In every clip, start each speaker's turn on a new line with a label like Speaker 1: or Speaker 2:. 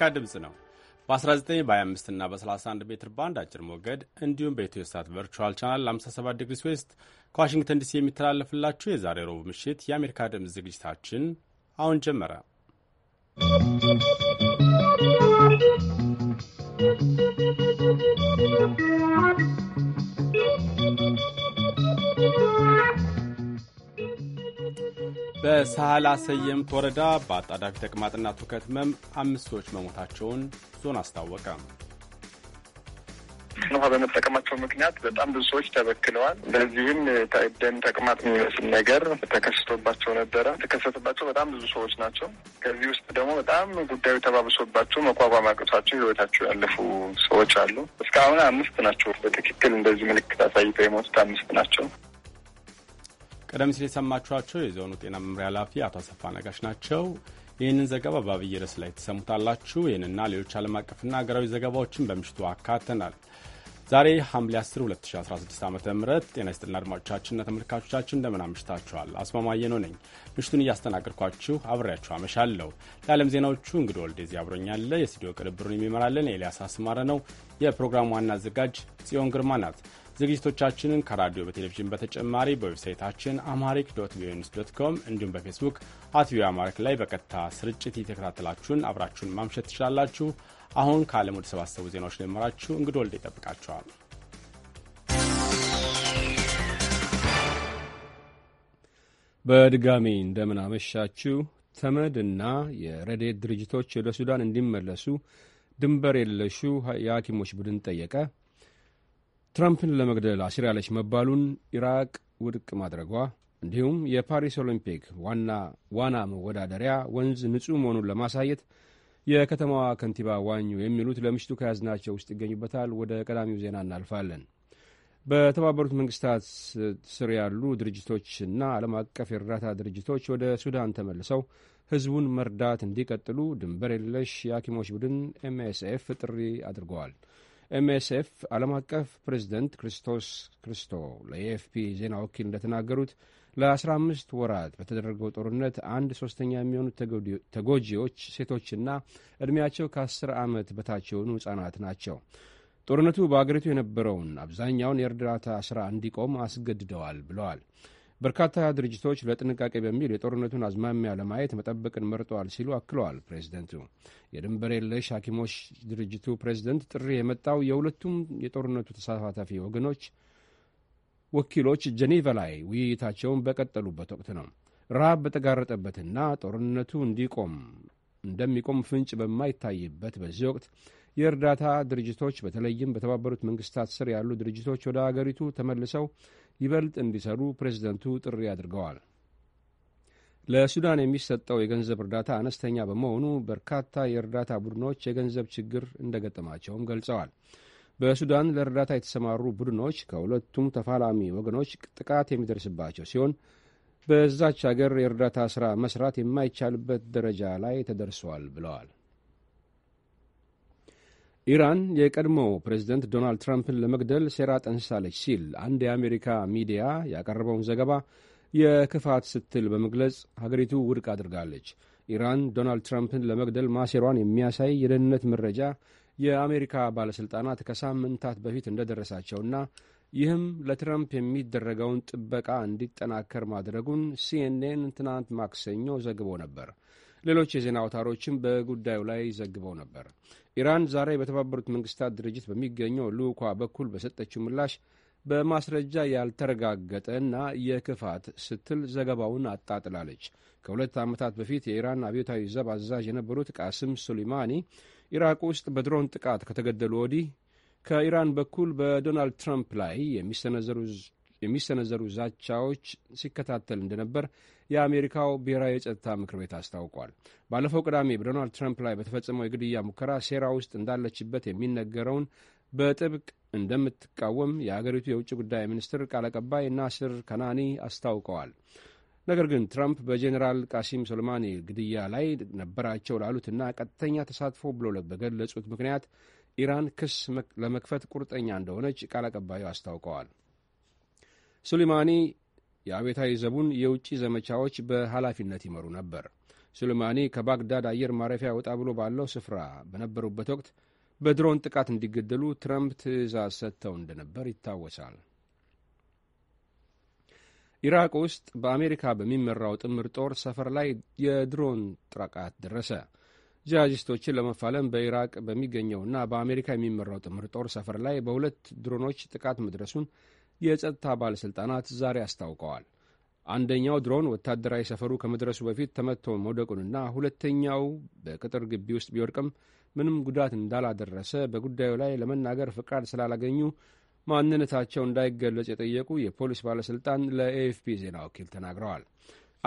Speaker 1: የአሜሪካ ድምፅ ነው። በ19 በ25 እና በ31 ሜትር ባንድ አጭር ሞገድ እንዲሁም በኢትዮ ሳት ቨርቹዋል ቻናል 57 ዲግሪ ስዌስት ከዋሽንግተን ዲሲ የሚተላለፍላችሁ የዛሬ ሮቡ ምሽት የአሜሪካ ድምፅ ዝግጅታችን አሁን ጀመረ። ¶¶ በሳህላ ሰየምት ወረዳ በአጣዳፊ ተቅማጥና ትውከት ህመም አምስት ሰዎች መሞታቸውን ዞን አስታወቀ። ውሃ
Speaker 2: በመጠቀማቸው ምክንያት በጣም ብዙ ሰዎች ተበክለዋል። በዚህም ደን ተቅማጥ የሚመስል ነገር ተከስቶባቸው ነበረ። የተከሰተባቸው በጣም ብዙ ሰዎች ናቸው። ከዚህ ውስጥ ደግሞ በጣም ጉዳዩ ተባብሶባቸው መቋቋም አቅቷቸው ህይወታቸው ያለፉ ሰዎች አሉ። እስካሁን አምስት ናቸው። በትክክል እንደዚህ ምልክት አሳይተው የሞቱት አምስት ናቸው።
Speaker 1: ቀደም ሲል የሰማችኋቸው የዞኑ ጤና መምሪያ ኃላፊ አቶ አሰፋ ነጋሽ ናቸው። ይህንን ዘገባ በአብይ ርዕስ ላይ ትሰሙታላችሁ። ይህንና ሌሎች ዓለም አቀፍና አገራዊ ዘገባዎችን በምሽቱ አካተናል። ዛሬ ሐምሌ 10 2016 ዓ ም ጤና ይስጥልና አድማጮቻችንና ተመልካቾቻችን እንደምን አምሽታችኋል። አስማማየ ነው ነኝ ምሽቱን እያስተናገድኳችሁ አብሬያችሁ አመሻለሁ። ለዓለም ዜናዎቹ እንግዲህ ወልዴዚ አብሮኛለ። የስቱዲዮ ቅንብሩን የሚመራለን ኤልያስ አስማረ ነው። የፕሮግራሙ ዋና አዘጋጅ ጽዮን ግርማ ናት። ዝግጅቶቻችንን ከራዲዮ በቴሌቪዥን በተጨማሪ በዌብሳይታችን አማሪክ ዶት ቪኦኤ ኒውስ ዶት ኮም እንዲሁም በፌስቡክ አት ቪኦኤ አማሪክ ላይ በቀጥታ ስርጭት እየተከታተላችሁን አብራችሁን ማምሸት ትችላላችሁ። አሁን ከዓለም ወደ ሰባሰቡ ዜናዎች ልመራችሁ። እንግዶ ወልደ ይጠብቃችኋል።
Speaker 3: በድጋሚ እንደምናመሻችሁ። ተመድና የረድኤት ድርጅቶች ወደ ሱዳን እንዲመለሱ ድንበር የለሹ የሐኪሞች ቡድን ጠየቀ። ትራምፕን ለመግደል አሲራለች መባሉን ኢራቅ ውድቅ ማድረጓ እንዲሁም የፓሪስ ኦሎምፒክ ዋና ዋና መወዳደሪያ ወንዝ ንጹሕ መሆኑን ለማሳየት የከተማዋ ከንቲባ ዋኙ የሚሉት ለምሽቱ ከያዝናቸው ውስጥ ይገኙበታል። ወደ ቀዳሚው ዜና እናልፋለን። በተባበሩት መንግስታት ስር ያሉ ድርጅቶችና ዓለም አቀፍ የእርዳታ ድርጅቶች ወደ ሱዳን ተመልሰው ህዝቡን መርዳት እንዲቀጥሉ ድንበር የለሽ የሐኪሞች ቡድን ኤምኤስኤፍ ጥሪ አድርገዋል። ኤምኤስኤፍ ዓለም አቀፍ ፕሬዚደንት ክርስቶስ ክርስቶ ለኤኤፍፒ ዜና ወኪል እንደተናገሩት ለ15 ወራት በተደረገው ጦርነት አንድ ሶስተኛ የሚሆኑ ተጎጂዎች ሴቶችና ዕድሜያቸው ከ10 ዓመት በታች የሆኑ ሕጻናት ናቸው። ጦርነቱ በአገሪቱ የነበረውን አብዛኛውን የእርዳታ ሥራ እንዲቆም አስገድደዋል ብለዋል። በርካታ ድርጅቶች ለጥንቃቄ በሚል የጦርነቱን አዝማሚያ ለማየት መጠበቅን መርጠዋል ሲሉ አክለዋል ፕሬዚደንቱ። የድንበር የለሽ ሐኪሞች ድርጅቱ ፕሬዚደንት ጥሪ የመጣው የሁለቱም የጦርነቱ ተሳታፊ ወገኖች ወኪሎች ጀኔቫ ላይ ውይይታቸውን በቀጠሉበት ወቅት ነው። ረሃብ በተጋረጠበትና ጦርነቱ እንዲቆም እንደሚቆም ፍንጭ በማይታይበት በዚህ ወቅት የእርዳታ ድርጅቶች በተለይም በተባበሩት መንግስታት ስር ያሉ ድርጅቶች ወደ አገሪቱ ተመልሰው ይበልጥ እንዲሰሩ ፕሬዚደንቱ ጥሪ አድርገዋል። ለሱዳን የሚሰጠው የገንዘብ እርዳታ አነስተኛ በመሆኑ በርካታ የእርዳታ ቡድኖች የገንዘብ ችግር እንደገጠማቸውም ገልጸዋል። በሱዳን ለእርዳታ የተሰማሩ ቡድኖች ከሁለቱም ተፋላሚ ወገኖች ጥቃት የሚደርስባቸው ሲሆን በዛች አገር የእርዳታ ሥራ መስራት የማይቻልበት ደረጃ ላይ ተደርሷል ብለዋል። ኢራን የቀድሞ ፕሬዚደንት ዶናልድ ትራምፕን ለመግደል ሴራ ጠንስሳለች ሲል አንድ የአሜሪካ ሚዲያ ያቀረበውን ዘገባ የክፋት ስትል በመግለጽ ሀገሪቱ ውድቅ አድርጋለች። ኢራን ዶናልድ ትራምፕን ለመግደል ማሴሯን የሚያሳይ የደህንነት መረጃ የአሜሪካ ባለሥልጣናት ከሳምንታት በፊት እንደደረሳቸውና ይህም ለትራምፕ የሚደረገውን ጥበቃ እንዲጠናከር ማድረጉን ሲኤንኤን ትናንት ማክሰኞ ዘግቦ ነበር። ሌሎች የዜና አውታሮችም በጉዳዩ ላይ ዘግበው ነበር። ኢራን ዛሬ በተባበሩት መንግስታት ድርጅት በሚገኘው ልዑኳ በኩል በሰጠችው ምላሽ በማስረጃ ያልተረጋገጠ እና የክፋት ስትል ዘገባውን አጣጥላለች። ከሁለት ዓመታት በፊት የኢራን አብዮታዊ ዘብ አዛዥ የነበሩት ቃስም ሱሊማኒ ኢራቅ ውስጥ በድሮን ጥቃት ከተገደሉ ወዲህ ከኢራን በኩል በዶናልድ ትራምፕ ላይ የሚሰነዘሩ ዛቻዎች ሲከታተል እንደነበር የአሜሪካው ብሔራዊ የጸጥታ ምክር ቤት አስታውቋል። ባለፈው ቅዳሜ በዶናልድ ትራምፕ ላይ በተፈጸመው የግድያ ሙከራ ሴራ ውስጥ እንዳለችበት የሚነገረውን በጥብቅ እንደምትቃወም የአገሪቱ የውጭ ጉዳይ ሚኒስትር ቃል አቀባይ ናስር ከናኒ አስታውቀዋል። ነገር ግን ትራምፕ በጄኔራል ቃሲም ሶሌማኒ ግድያ ላይ ነበራቸው ላሉትና ቀጥተኛ ተሳትፎ ብሎ በገለጹት ምክንያት ኢራን ክስ ለመክፈት ቁርጠኛ እንደሆነች ቃል አቀባዩ አስታውቀዋል። ሱሌማኒ የአቤታዊ ዘቡን የውጭ ዘመቻዎች በኃላፊነት ይመሩ ነበር። ሱሌማኒ ከባግዳድ አየር ማረፊያ ወጣ ብሎ ባለው ስፍራ በነበሩበት ወቅት በድሮን ጥቃት እንዲገደሉ ትረምፕ ትዕዛዝ ሰጥተው እንደነበር ይታወሳል። ኢራቅ ውስጥ በአሜሪካ በሚመራው ጥምር ጦር ሰፈር ላይ የድሮን ጥቃት ደረሰ። ጂሃዲስቶችን ለመፋለም በኢራቅ በሚገኘውና በአሜሪካ የሚመራው ጥምር ጦር ሰፈር ላይ በሁለት ድሮኖች ጥቃት መድረሱን የጸጥታ ባለሥልጣናት ዛሬ አስታውቀዋል። አንደኛው ድሮን ወታደራዊ ሰፈሩ ከመድረሱ በፊት ተመቶ መውደቁንና ሁለተኛው በቅጥር ግቢ ውስጥ ቢወድቅም ምንም ጉዳት እንዳላደረሰ በጉዳዩ ላይ ለመናገር ፍቃድ ስላላገኙ ማንነታቸው እንዳይገለጽ የጠየቁ የፖሊስ ባለሥልጣን ለኤኤፍፒ ዜና ወኪል ተናግረዋል።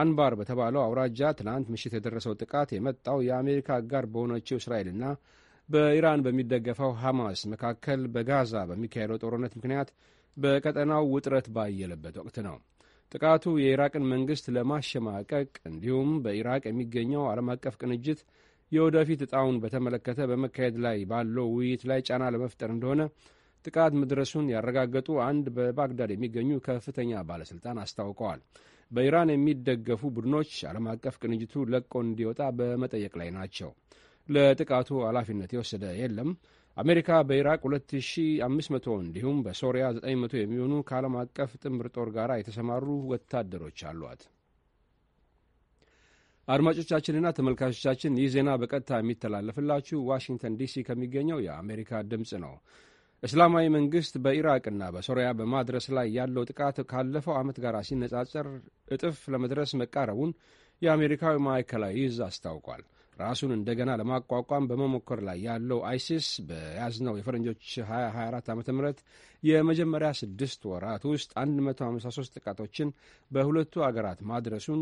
Speaker 3: አንባር በተባለው አውራጃ ትናንት ምሽት የደረሰው ጥቃት የመጣው የአሜሪካ አጋር በሆነችው እስራኤልና በኢራን በሚደገፈው ሐማስ መካከል በጋዛ በሚካሄደው ጦርነት ምክንያት በቀጠናው ውጥረት ባየለበት ወቅት ነው። ጥቃቱ የኢራቅን መንግሥት ለማሸማቀቅ እንዲሁም በኢራቅ የሚገኘው ዓለም አቀፍ ቅንጅት የወደፊት እጣውን በተመለከተ በመካሄድ ላይ ባለው ውይይት ላይ ጫና ለመፍጠር እንደሆነ ጥቃት መድረሱን ያረጋገጡ አንድ በባግዳድ የሚገኙ ከፍተኛ ባለሥልጣን አስታውቀዋል። በኢራን የሚደገፉ ቡድኖች ዓለም አቀፍ ቅንጅቱ ለቆ እንዲወጣ በመጠየቅ ላይ ናቸው። ለጥቃቱ ኃላፊነት የወሰደ የለም። አሜሪካ በኢራቅ 2500 እንዲሁም በሶሪያ 900 የሚሆኑ ከዓለም አቀፍ ጥምር ጦር ጋር የተሰማሩ ወታደሮች አሏት። አድማጮቻችንና ተመልካቾቻችን ይህ ዜና በቀጥታ የሚተላለፍላችሁ ዋሽንግተን ዲሲ ከሚገኘው የአሜሪካ ድምፅ ነው። እስላማዊ መንግስት በኢራቅና በሶሪያ በማድረስ ላይ ያለው ጥቃት ካለፈው ዓመት ጋር ሲነጻጸር እጥፍ ለመድረስ መቃረቡን የአሜሪካዊ ማዕከላዊ እዝ አስታውቋል። ራሱን እንደገና ለማቋቋም በመሞከር ላይ ያለው አይሲስ በያዝነው የፈረንጆች 2024 ዓ ም የመጀመሪያ ስድስት ወራት ውስጥ 153 ጥቃቶችን በሁለቱ አገራት ማድረሱን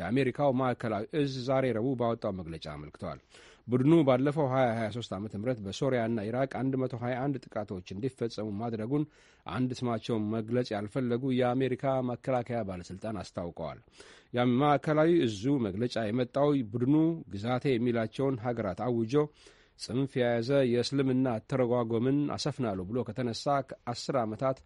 Speaker 3: የአሜሪካው ማዕከላዊ እዝ ዛሬ ረቡዕ ባወጣው መግለጫ አመልክተዋል። ቡድኑ ባለፈው 2023 ዓ ም በሶሪያና ኢራቅ 121 ጥቃቶች እንዲፈጸሙ ማድረጉን አንድ ስማቸውን መግለጽ ያልፈለጉ የአሜሪካ መከላከያ ባለሥልጣን አስታውቀዋል። የማዕከላዊ እዙ መግለጫ የመጣው ቡድኑ ግዛቴ የሚላቸውን ሀገራት አውጆ ጽንፍ የያዘ የእስልምና አተረጓጎምን አሰፍናሉ ብሎ ከተነሳ ከአስር ዓመታት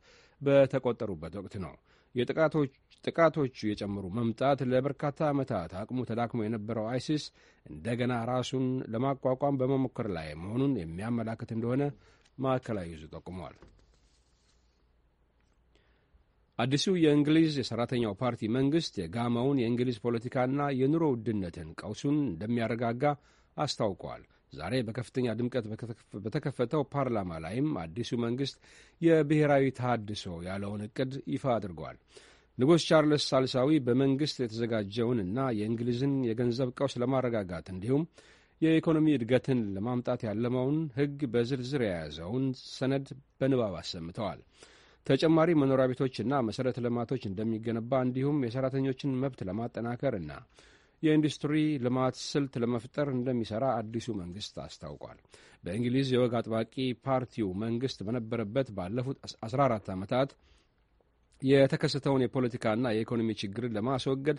Speaker 3: በተቆጠሩበት ወቅት ነው። የጥቃቶች ጥቃቶቹ የጨመሩ መምጣት ለበርካታ ዓመታት አቅሙ ተዳክሞ የነበረው አይሲስ እንደገና ራሱን ለማቋቋም በመሞከር ላይ መሆኑን የሚያመላክት እንደሆነ ማዕከላዊ ይዞ ጠቁመዋል። አዲሱ የእንግሊዝ የሠራተኛው ፓርቲ መንግሥት የጋማውን የእንግሊዝ ፖለቲካና የኑሮ ውድነትን ቀውሱን እንደሚያረጋጋ አስታውቋል። ዛሬ በከፍተኛ ድምቀት በተከፈተው ፓርላማ ላይም አዲሱ መንግሥት የብሔራዊ ተሃድሶ ያለውን እቅድ ይፋ አድርጓል። ንጉሥ ቻርልስ ሳልሳዊ በመንግሥት የተዘጋጀውንና የእንግሊዝን የገንዘብ ቀውስ ለማረጋጋት እንዲሁም የኢኮኖሚ እድገትን ለማምጣት ያለመውን ሕግ በዝርዝር የያዘውን ሰነድ በንባብ አሰምተዋል። ተጨማሪ መኖሪያ ቤቶችና መሠረተ ልማቶች እንደሚገነባ እንዲሁም የሠራተኞችን መብት ለማጠናከር እና የኢንዱስትሪ ልማት ስልት ለመፍጠር እንደሚሠራ አዲሱ መንግሥት አስታውቋል። በእንግሊዝ የወግ አጥባቂ ፓርቲው መንግሥት በነበረበት ባለፉት 14 ዓመታት የተከሰተውን የፖለቲካና የኢኮኖሚ ችግርን ለማስወገድ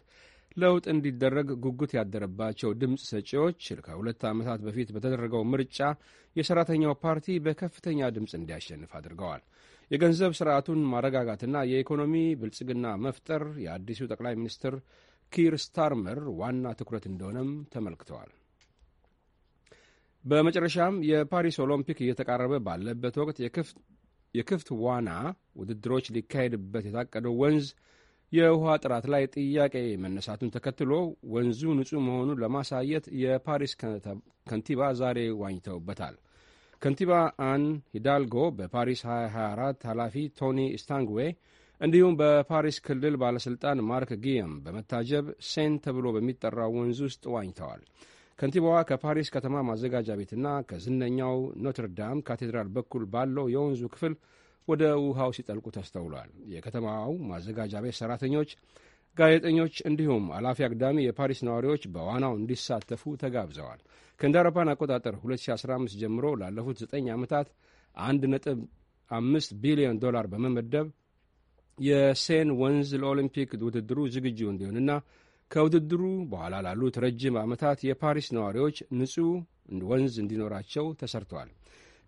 Speaker 3: ለውጥ እንዲደረግ ጉጉት ያደረባቸው ድምፅ ሰጪዎች ከሁለት ዓመታት በፊት በተደረገው ምርጫ የሰራተኛው ፓርቲ በከፍተኛ ድምፅ እንዲያሸንፍ አድርገዋል። የገንዘብ ስርዓቱን ማረጋጋትና የኢኮኖሚ ብልጽግና መፍጠር የአዲሱ ጠቅላይ ሚኒስትር ኪር ስታርመር ዋና ትኩረት እንደሆነም ተመልክተዋል። በመጨረሻም የፓሪስ ኦሎምፒክ እየተቃረበ ባለበት ወቅት የክፍት ዋና ውድድሮች ሊካሄድበት የታቀደው ወንዝ የውሃ ጥራት ላይ ጥያቄ መነሳቱን ተከትሎ ወንዙ ንጹሕ መሆኑን ለማሳየት የፓሪስ ከንቲባ ዛሬ ዋኝተውበታል። ከንቲባ አን ሂዳልጎ በፓሪስ 2024 ኃላፊ ቶኒ ስታንግዌ እንዲሁም በፓሪስ ክልል ባለሥልጣን ማርክ ጊየም በመታጀብ ሴን ተብሎ በሚጠራው ወንዝ ውስጥ ዋኝተዋል። ከንቲባዋ ከፓሪስ ከተማ ማዘጋጃ ቤትና ከዝነኛው ኖትርዳም ካቴድራል በኩል ባለው የወንዙ ክፍል ወደ ውሃው ሲጠልቁ ተስተውሏል። የከተማው ማዘጋጃ ቤት ሰራተኞች፣ ጋዜጠኞች እንዲሁም አላፊ አግዳሚ የፓሪስ ነዋሪዎች በዋናው እንዲሳተፉ ተጋብዘዋል። ከእንደ አውሮፓን አቆጣጠር 2015 ጀምሮ ላለፉት 9 ዓመታት 1.5 ቢሊዮን ዶላር በመመደብ የሴን ወንዝ ለኦሊምፒክ ውድድሩ ዝግጁ እንዲሆንና ከውድድሩ በኋላ ላሉት ረጅም ዓመታት የፓሪስ ነዋሪዎች ንጹሕ ወንዝ እንዲኖራቸው ተሰርተዋል።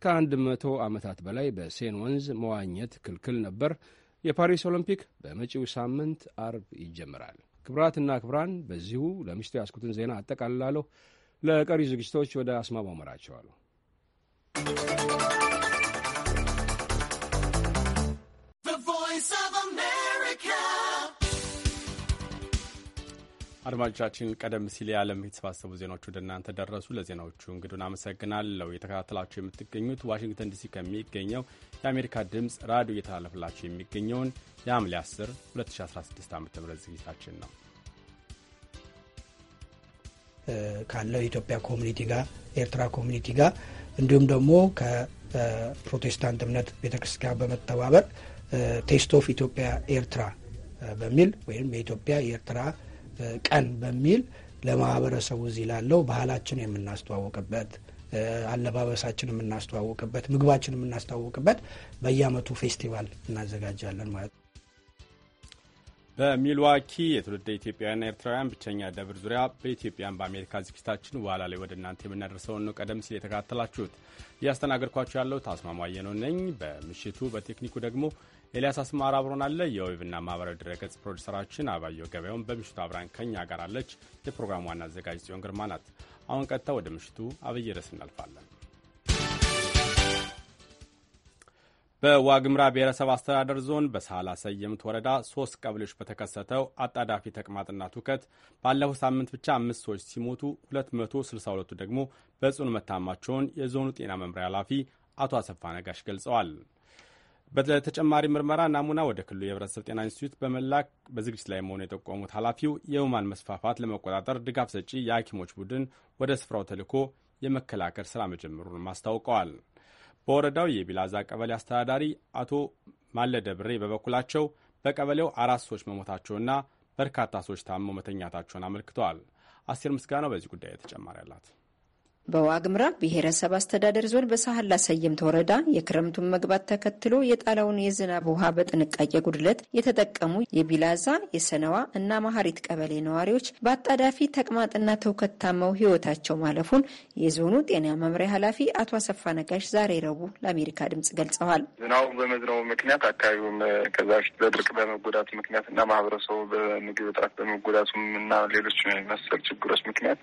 Speaker 3: ከአንድ መቶ ዓመታት በላይ በሴን ወንዝ መዋኘት ክልክል ነበር። የፓሪስ ኦሎምፒክ በመጪው ሳምንት አርብ ይጀምራል። ክብራትና ክብራን በዚሁ ለምሽቱ ያስኩትን ዜና አጠቃልላለሁ። ለቀሪ ዝግጅቶች ወደ አስማማው መራቸዋለሁ።
Speaker 1: አድማጮቻችን ቀደም ሲል የዓለም የተሰባሰቡ ዜናዎች ወደ እናንተ ደረሱ። ለዜናዎቹ እንግዱን አመሰግናለሁ። የተከታተላችሁ የምትገኙት ዋሽንግተን ዲሲ ከሚገኘው የአሜሪካ ድምፅ ራዲዮ እየተላለፈላችሁ የሚገኘውን የሐምሌ 10 2016 ዓ ም ዝግጅታችን ነው።
Speaker 4: ካለው የኢትዮጵያ ኮሚኒቲ ጋር ኤርትራ ኮሚኒቲ ጋር እንዲሁም ደግሞ ከፕሮቴስታንት እምነት ቤተክርስቲያን በመተባበር ቴስት ኦፍ ኢትዮጵያ ኤርትራ በሚል ወይም የኢትዮጵያ የኤርትራ ቀን በሚል ለማህበረሰቡ እዚህ ላለው ባህላችን የምናስተዋወቅበት አለባበሳችን የምናስተዋወቅበት ምግባችን የምናስተዋወቅበት በየዓመቱ ፌስቲቫል እናዘጋጃለን ማለት ነው።
Speaker 1: በሚልዋኪ የትውልደ ኢትዮጵያውያንና ኤርትራውያን ብቸኛ ደብር ዙሪያ በኢትዮጵያን በአሜሪካ ዝግጅታችን በኋላ ላይ ወደ እናንተ የምናደርሰውን ነው። ቀደም ሲል የተከታተላችሁት እያስተናገድኳችሁ ያለው ታስማማየ ነው ነኝ። በምሽቱ በቴክኒኩ ደግሞ ኤልያስ አስማራ አብሮን አለ። የዌብና ማህበራዊ ድረገጽ ፕሮዲሰራችን አባየሁ ገበያውን በምሽቱ አብራን ከኛ ጋር አለች። የፕሮግራሙ ዋና አዘጋጅ ጽዮን ግርማ ናት። አሁን ቀጥታ ወደ ምሽቱ አብይ ርዕስ እናልፋለን። በዋግምራ ብሔረሰብ አስተዳደር ዞን በሳላ ሰየምት ወረዳ ሶስት ቀበሌዎች በተከሰተው አጣዳፊ ተቅማጥና ትውከት ባለፈው ሳምንት ብቻ አምስት ሰዎች ሲሞቱ 262ቱ ደግሞ በጽኑ መታማቸውን የዞኑ ጤና መምሪያ ኃላፊ አቶ አሰፋ ነጋሽ ገልጸዋል። በተጨማሪ ምርመራ ናሙና ወደ ክልሉ የህብረተሰብ ጤና ኢንስቲትዩት በመላክ በዝግጅት ላይ መሆኑ የጠቆሙት ኃላፊው የህሙማን መስፋፋት ለመቆጣጠር ድጋፍ ሰጪ የሐኪሞች ቡድን ወደ ስፍራው ተልኮ የመከላከል ስራ መጀመሩንም አስታውቀዋል። በወረዳው የቢላዛ ቀበሌ አስተዳዳሪ አቶ ማለደ ብሬ በበኩላቸው በቀበሌው አራት ሰዎች መሞታቸውና በርካታ ሰዎች ታመው መተኛታቸውን አመልክተዋል። አስቴር ምስጋናው በዚህ ጉዳይ ተጨማሪ አላት።
Speaker 5: በዋግምራ ብሔረሰብ አስተዳደር ዞን በሳህላ ሰየምት ወረዳ የክረምቱን መግባት ተከትሎ የጣለውን የዝናብ ውሃ በጥንቃቄ ጉድለት የተጠቀሙ የቢላዛ የሰነዋ እና ማሀሪት ቀበሌ ነዋሪዎች በአጣዳፊ ተቅማጥና ትውከት ታመው ሕይወታቸው ማለፉን የዞኑ ጤና መምሪያ ኃላፊ አቶ አሰፋ ነጋሽ ዛሬ ረቡዕ ለአሜሪካ ድምጽ ገልጸዋል።
Speaker 2: ዝናቡ በመዝነቡ ምክንያት አካባቢውም ከዛ በፊት በድርቅ በመጎዳቱ ምክንያት እና ማህበረሰቡ በምግብ እጥረት በመጎዳቱም እና ሌሎች መሰል ችግሮች ምክንያት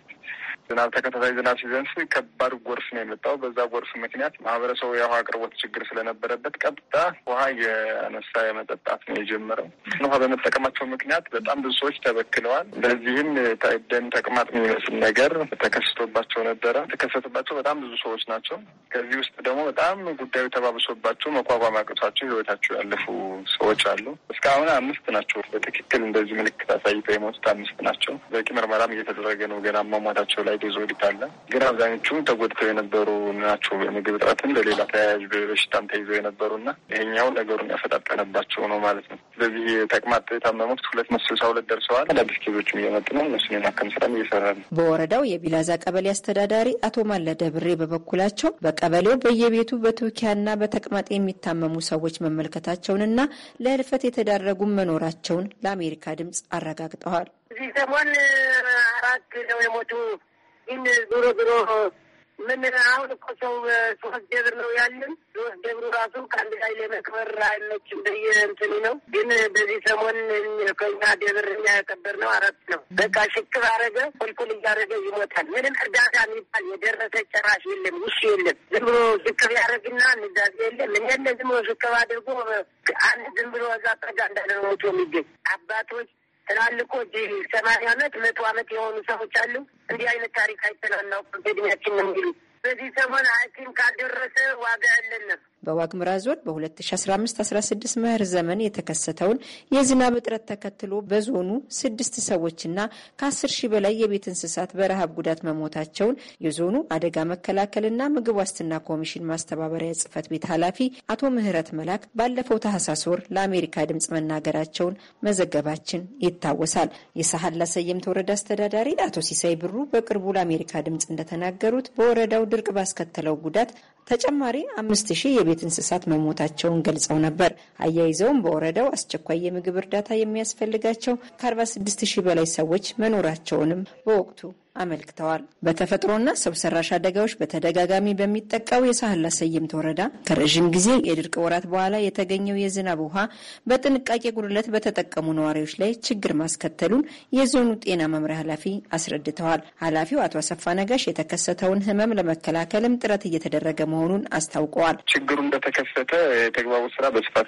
Speaker 2: ዝናብ ተከታታይ ዝናብ ሲዘን ጎርፍ ከባድ ጎርፍ ነው የመጣው። በዛ ጎርፍ ምክንያት ማህበረሰቡ የውሃ አቅርቦት ችግር ስለነበረበት ቀጥታ ውሃ የነሳ የመጠጣት ነው የጀመረው። ውሃ በመጠቀማቸው ምክንያት በጣም ብዙ ሰዎች ተበክለዋል። በዚህም ደን ተቅማጥ የሚመስል ነገር ተከስቶባቸው ነበረ። የተከሰተባቸው በጣም ብዙ ሰዎች ናቸው። ከዚህ ውስጥ ደግሞ በጣም ጉዳዩ ተባብሶባቸው መቋቋም አቅቷቸው ህይወታቸው ያለፉ ሰዎች አሉ። እስካሁን አምስት ናቸው በትክክል እንደዚህ ምልክት አሳይተው የሞቱት አምስት ናቸው። በቂ ምርመራም እየተደረገ ነው። ገና አሟሟታቸው ላይ ዴዞ ሊታለ ግን አብዛኞቹም ተጎድተው የነበሩ ናቸው። የምግብ እጥረትን ለሌላ ተያያዥ በሽታም ተይዘው የነበሩ እና ይሄኛው ነገሩን ያፈጣጠነባቸው ነው ማለት ነው። ስለዚህ ተቅማጥ
Speaker 6: የታመሙት ሁለት መቶ ስልሳ ሁለት ደርሰዋል። አዳዲስ ኬዞችም እየመጡ ነው። እነሱን የማከም ስራም እየሰራ ነው።
Speaker 5: በወረዳው የቢላዛ ቀበሌ አስተዳዳሪ አቶ ማለደ ብሬ በበኩላቸው በቀበሌው በየቤቱ በትውኪያና በተቅማጥ የሚታመሙ ሰዎች መመልከታቸውንና ለህልፈት የተዳረጉ መኖራቸውን ለአሜሪካ ድምጽ አረጋግጠዋል።
Speaker 6: እዚህ ሰሞን አራት ነው የሞቱ ግን ዞሮ ዞሮ ምን አሁን እኮ ሰው ሶስት ደብር ነው ያለን። ሶስት ደብሩ ራሱ ከአንድ ላይ ለመክበር አይመችም። በየእንትኑ ነው። ግን በዚህ ሰሞን ከኛ ደብር እኛ ያቀበር ነው አራት ነው። በቃ ሽክብ አረገ ቁልቁል እያረገ ይሞታል። ምንም እርዳታ የሚባል የደረሰ ጨራሽ የለም፣ ውሽ የለም። ዝም ብሎ ሽክብ ያደረግና ንዛዜ የለም። እኛለ ዝም ብሎ ሽክብ አድርጎ አንድ ዝም ብሎ እዛ ጠጋ እንዳለ ሞቶ የሚገኝ አባቶች ትላልቆ ሰማንያ አመት መቶ አመት የሆኑ ሰዎች አሉ። እንዲህ አይነት ታሪክ አይተናናውቅ በእድሜያችን ነው የሚሉ በዚህ ሰሞን ሐኪም ካልደረሰ ዋጋ ያለንም
Speaker 5: በዋግምራ ዞን በ2015/16 መኸር ዘመን የተከሰተውን የዝናብ እጥረት ተከትሎ በዞኑ ስድስት ሰዎችና ከ10 ሺህ በላይ የቤት እንስሳት በረሃብ ጉዳት መሞታቸውን የዞኑ አደጋ መከላከልና ምግብ ዋስትና ኮሚሽን ማስተባበሪያ ጽህፈት ቤት ኃላፊ አቶ ምህረት መላክ ባለፈው ታህሳስ ወር ለአሜሪካ ድምጽ መናገራቸውን መዘገባችን ይታወሳል። የሳህላ ሰየምት ወረዳ አስተዳዳሪ አቶ ሲሳይ ብሩ በቅርቡ ለአሜሪካ ድምጽ እንደተናገሩት በወረዳው ድርቅ ባስከተለው ጉዳት ተጨማሪ አምስት ሺህ የቤት እንስሳት መሞታቸውን ገልጸው ነበር። አያይዘውም በወረዳው አስቸኳይ የምግብ እርዳታ የሚያስፈልጋቸው ከ46 ሺህ በላይ ሰዎች መኖራቸውንም በወቅቱ አመልክተዋል። በተፈጥሮና ሰው ሰራሽ አደጋዎች በተደጋጋሚ በሚጠቃው የሳህል ሰየምት ወረዳ ከረዥም ጊዜ የድርቅ ወራት በኋላ የተገኘው የዝናብ ውሃ በጥንቃቄ ጉድለት በተጠቀሙ ነዋሪዎች ላይ ችግር ማስከተሉን የዞኑ ጤና መምሪያ ኃላፊ አስረድተዋል። ኃላፊው አቶ አሰፋ ነጋሽ የተከሰተውን ህመም ለመከላከልም ጥረት እየተደረገ መሆኑን አስታውቀዋል። ችግሩ
Speaker 6: እንደተከሰተ
Speaker 2: የተግባቡ ስራ በስፋት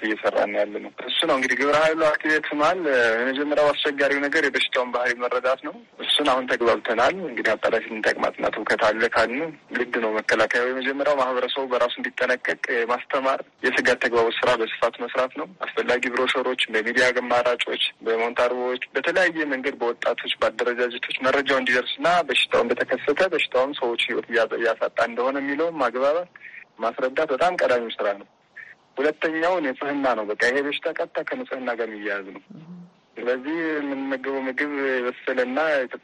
Speaker 2: ነው ያለ ነው። እሱ ነው እንግዲህ ግብረ ኃይሉ አክቲቬት ማል የመጀመሪያው አስቸጋሪው ነገር የበሽታውን ባህሪ መረዳት ነው። እሱን አሁን ተግባብተናል። እንግዲህ አጣዳፊ ተቅማጥና ትውከት አለ ካሉ ግድ ነው መከላከያ የመጀመሪያው ማህበረሰቡ በራሱ እንዲጠነቀቅ ማስተማር፣ የስጋት ተግባቦት ስራ በስፋት መስራት ነው። አስፈላጊ ብሮሸሮች፣ በሚዲያ አማራጮች፣ በሞንታርቦዎች በተለያየ መንገድ በወጣቶች በአደረጃጀቶች መረጃው እንዲደርስና በሽታውን እንደተከሰተ በሽታውን ሰዎች ህይወት እያሳጣ እንደሆነ የሚለውም ማግባባት ማስረዳት በጣም ቀዳሚው ስራ ነው። ሁለተኛው ንጽህና ነው። በቃ ይሄ በሽታ ቀጥታ ከንጽህና ጋር የሚያያዝ ነው። ስለዚህ የምንመገበው ምግብ የበሰለና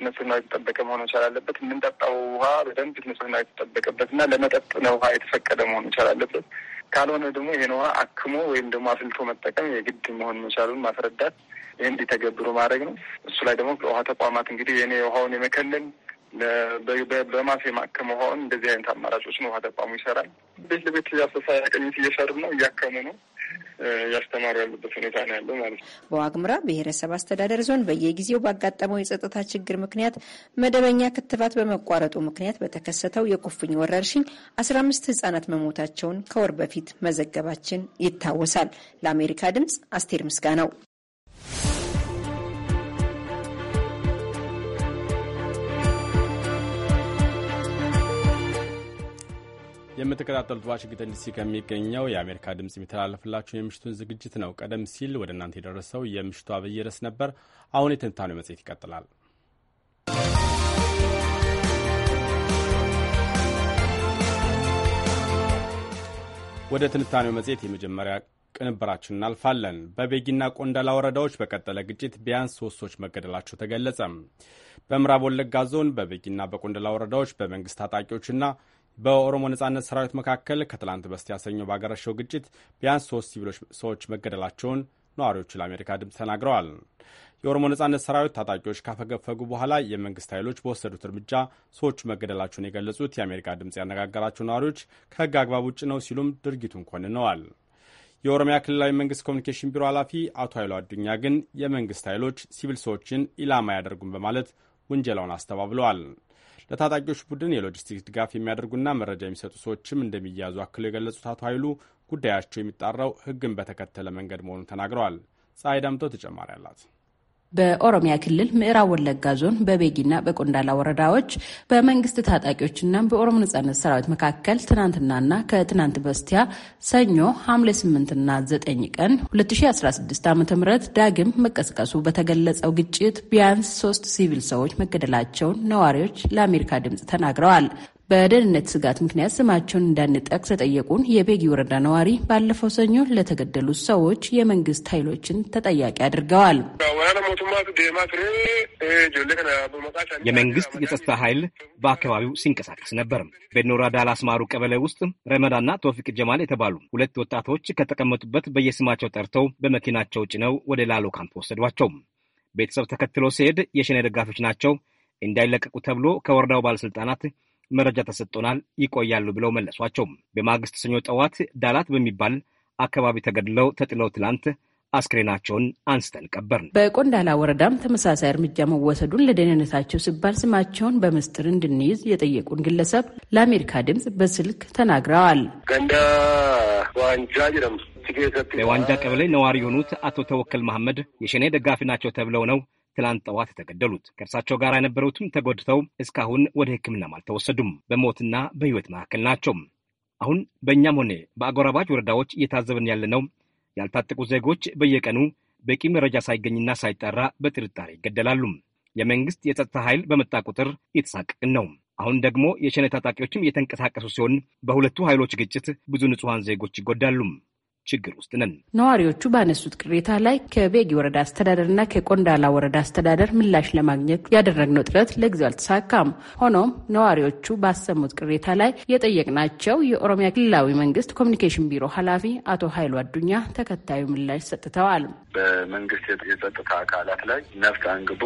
Speaker 2: ንጽህና የተጠበቀ መሆን መቻል አለበት። የምንጠጣው ውሃ በደንብ ንጽህና የተጠበቀበትና ለመጠጥ ነው ውሃ የተፈቀደ መሆን መቻል አለበት። ካልሆነ ደግሞ ይህን ውሃ አክሞ ወይም ደግሞ አፍልቶ መጠቀም የግድ መሆን መቻሉን ማስረዳት ይህ እንዲተገብሩ ማድረግ ነው። እሱ ላይ ደግሞ ውሃ ተቋማት እንግዲህ የኔ ውሃውን የመከለል በማፌማክ መሆን እንደዚህ አይነት አማራጮች ነው ውሃ ተቋሙ ይሰራል። ቤት ለቤት ያሰሳ ቅኝት እየሰሩ ነው፣ እያከሙ ነው ያስተማሩ ያሉበት ሁኔታ ነው ያለው ማለት ነው።
Speaker 5: በዋግምራ ብሔረሰብ አስተዳደር ዞን በየጊዜው ባጋጠመው የጸጥታ ችግር ምክንያት መደበኛ ክትባት በመቋረጡ ምክንያት በተከሰተው የኩፍኝ ወረርሽኝ አስራ አምስት ህጻናት መሞታቸውን ከወር በፊት መዘገባችን ይታወሳል። ለአሜሪካ ድምጽ አስቴር ምስጋናው
Speaker 1: የምትከታተሉት ዋሽንግተን ዲሲ ከሚገኘው የአሜሪካ ድምፅ የሚተላለፍላችሁ የምሽቱን ዝግጅት ነው። ቀደም ሲል ወደ እናንተ የደረሰው የምሽቱ አብይ ርዕስ ነበር። አሁን የትንታኔው መጽሔት ይቀጥላል። ወደ ትንታኔው መጽሔት የመጀመሪያ ቅንብራችን እናልፋለን። በቤጊና ቆንዳላ ወረዳዎች በቀጠለ ግጭት ቢያንስ ሶስት ሰዎች መገደላቸው ተገለጸ። በምዕራብ ወለጋ ዞን በቤጊና በቆንዳላ ወረዳዎች በመንግስት ታጣቂዎችና በኦሮሞ ነጻነት ሰራዊት መካከል ከትላንት በስቲያ ሰኞ ባገረሸው ግጭት ቢያንስ ሶስት ሲቪሎች ሰዎች መገደላቸውን ነዋሪዎቹ ለአሜሪካ ድምፅ ተናግረዋል። የኦሮሞ ነጻነት ሰራዊት ታጣቂዎች ካፈገፈጉ በኋላ የመንግስት ኃይሎች በወሰዱት እርምጃ ሰዎቹ መገደላቸውን የገለጹት የአሜሪካ ድምፅ ያነጋገራቸው ነዋሪዎች ከህግ አግባብ ውጭ ነው ሲሉም ድርጊቱን ኮንነዋል። የኦሮሚያ ክልላዊ መንግስት ኮሚኒኬሽን ቢሮ ኃላፊ አቶ ኃይሉ አዱኛ ግን የመንግስት ኃይሎች ሲቪል ሰዎችን ኢላማ አያደርጉም በማለት ውንጀላውን አስተባብለዋል። ለታጣቂዎች ቡድን የሎጂስቲክስ ድጋፍ የሚያደርጉና መረጃ የሚሰጡ ሰዎችም እንደሚያዙ አክለው የገለጹት አቶ ኃይሉ ጉዳያቸው የሚጣራው ሕግን በተከተለ መንገድ መሆኑን ተናግረዋል። ፀሐይ ዳምቶ ተጨማሪ አላት።
Speaker 7: በኦሮሚያ ክልል ምዕራብ ወለጋ ዞን በቤጊና በቆንዳላ ወረዳዎች በመንግስት ታጣቂዎችና በኦሮሞ ነጻነት ሰራዊት መካከል ትናንትናና ከትናንት በስቲያ ሰኞ ሐምሌ 8ና 9 ቀን 2016 ዓ ም ዳግም መቀስቀሱ በተገለጸው ግጭት ቢያንስ ሶስት ሲቪል ሰዎች መገደላቸውን ነዋሪዎች ለአሜሪካ ድምፅ ተናግረዋል። በደህንነት ስጋት ምክንያት ስማቸውን እንዳንጠቅስ የጠየቁን የቤጊ ወረዳ ነዋሪ ባለፈው ሰኞ ለተገደሉት ሰዎች የመንግስት ኃይሎችን ተጠያቂ አድርገዋል።
Speaker 8: የመንግስት የጸጥታ ኃይል በአካባቢው ሲንቀሳቀስ ነበር። በኖራ ላስማሩ ቀበሌ ውስጥ ረመዳና ቶፊቅ ጀማል የተባሉ ሁለት ወጣቶች ከተቀመጡበት በየስማቸው ጠርተው በመኪናቸው ጭነው ወደ ላሎ ካምፕ ወሰዷቸው። ቤተሰብ ተከትሎ ሲሄድ የሸኔ ደጋፊዎች ናቸው እንዳይለቀቁ ተብሎ ከወረዳው ባለሥልጣናት መረጃ ተሰጥቶናል ይቆያሉ ብለው መለሷቸው። በማግስት ሰኞ ጠዋት ዳላት በሚባል አካባቢ ተገድለው ተጥለው ትላንት አስክሬናቸውን አንስተን ቀበርን።
Speaker 7: በቆንዳላ ወረዳም ተመሳሳይ እርምጃ መወሰዱን ለደህንነታቸው ሲባል ስማቸውን በምስጢር እንድንይዝ የጠየቁን ግለሰብ ለአሜሪካ ድምፅ በስልክ ተናግረዋል።
Speaker 8: ዋንጃ በዋንጃ ቀበሌ ነዋሪ የሆኑት አቶ ተወከል መሐመድ የሸኔ ደጋፊ ናቸው ተብለው ነው ትላንት ጠዋት የተገደሉት። ከእርሳቸው ጋር የነበሩትም ተጎድተው እስካሁን ወደ ሕክምናም አልተወሰዱም። በሞትና በሕይወት መካከል ናቸው። አሁን በእኛም ሆነ በአጎራባች ወረዳዎች እየታዘብን ያለነው ያልታጠቁ ዜጎች በየቀኑ በቂ መረጃ ሳይገኝና ሳይጠራ በጥርጣሬ ይገደላሉ። የመንግስት የጸጥታ ኃይል በመጣ ቁጥር እየተሳቀቅን ነው። አሁን ደግሞ የሸነ ታጣቂዎችም እየተንቀሳቀሱ ሲሆን በሁለቱ ኃይሎች ግጭት ብዙ ንጹሐን ዜጎች ይጎዳሉ። ችግር ውስጥ ነን።
Speaker 7: ነዋሪዎቹ ባነሱት ቅሬታ ላይ ከቤጊ ወረዳ አስተዳደር ከቆንዳላ ወረዳ አስተዳደር ምላሽ ለማግኘት ያደረግነው ጥረት ለጊዜው አልተሳካም። ሆኖም ነዋሪዎቹ ባሰሙት ቅሬታ ላይ የጠየቅናቸው የኦሮሚያ ክልላዊ መንግስት ኮሚኒኬሽን ቢሮ ኃላፊ አቶ ኃይሉ አዱኛ ተከታዩ ምላሽ ሰጥተዋል።
Speaker 6: በመንግስት የጸጥታ አካላት ላይ ነፍጥ አንግቦ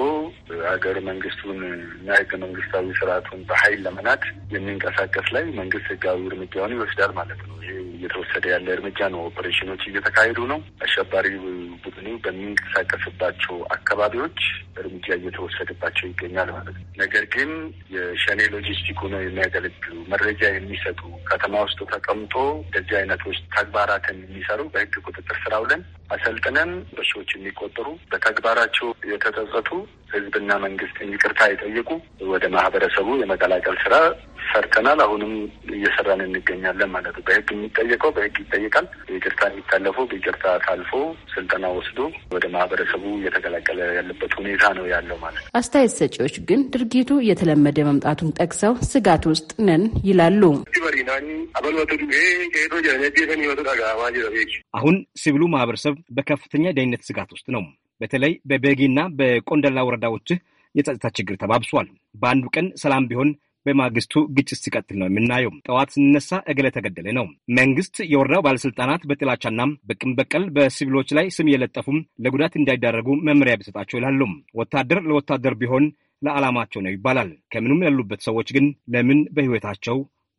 Speaker 6: ሀገር መንግስቱን እና ህገ መንግስታዊ ስርዓቱን በኃይል ለመናድ የሚንቀሳቀስ ላይ መንግስት ህጋዊ እርምጃውን ይወስዳል ማለት ነው። ይህ እየተወሰደ ያለ እርምጃ ነው። ኦፕሬሽኖች እየተካሄዱ ነው። አሸባሪ ቡድኑ በሚንቀሳቀስባቸው አካባቢዎች እርምጃ እየተወሰደባቸው ይገኛል ማለት ነው። ነገር ግን የሸኔ ሎጂስቲክ ሆነው የሚያገለግሉ መረጃ የሚሰጡ ከተማ ውስጥ ተቀምጦ እንደዚህ አይነቶች ተግባራትን የሚሰሩ በህግ ቁጥጥር ስር አውለን አሰልጥነን በሺዎች የሚቆጠሩ በተግባራቸው የተጸጸቱ ህዝብና መንግስት ይቅርታ የጠየቁ ወደ ማህበረሰቡ የመቀላቀል ስራ ሰርተናል። አሁንም እየሰራን እንገኛለን ማለት ነው። በህግ የሚጠየቀው በህግ ይጠየቃል። ይቅርታ የሚታለፉ በይቅርታ ታልፎ ስልጠና ወስዶ ወደ ማህበረሰቡ እየተቀላቀለ ያለበት ሁኔታ ነው ያለው ማለት
Speaker 7: ነው። አስተያየት ሰጪዎች ግን ድርጊቱ እየተለመደ መምጣቱን ጠቅሰው ስጋት ውስጥ ነን
Speaker 8: ይላሉ። አሁን ሲቪሉ ማህበረሰብ በከፍተኛ የደህንነት ስጋት ውስጥ ነው። በተለይ በቤጊና በቆንደላ ወረዳዎች የጸጥታ ችግር ተባብሷል። በአንዱ ቀን ሰላም ቢሆን በማግስቱ ግጭት ሲቀጥል ነው የምናየው። ጠዋት ስንነሳ እገለ ተገደለ ነው። መንግስት፣ የወረዳው ባለስልጣናት በጥላቻና በቂም በቀል በሲቪሎች ላይ ስም የለጠፉም ለጉዳት እንዳይዳረጉ መመሪያ ቢሰጣቸው ይላሉ። ወታደር ለወታደር ቢሆን ለዓላማቸው ነው ይባላል። ከምንም ያሉበት ሰዎች ግን ለምን በህይወታቸው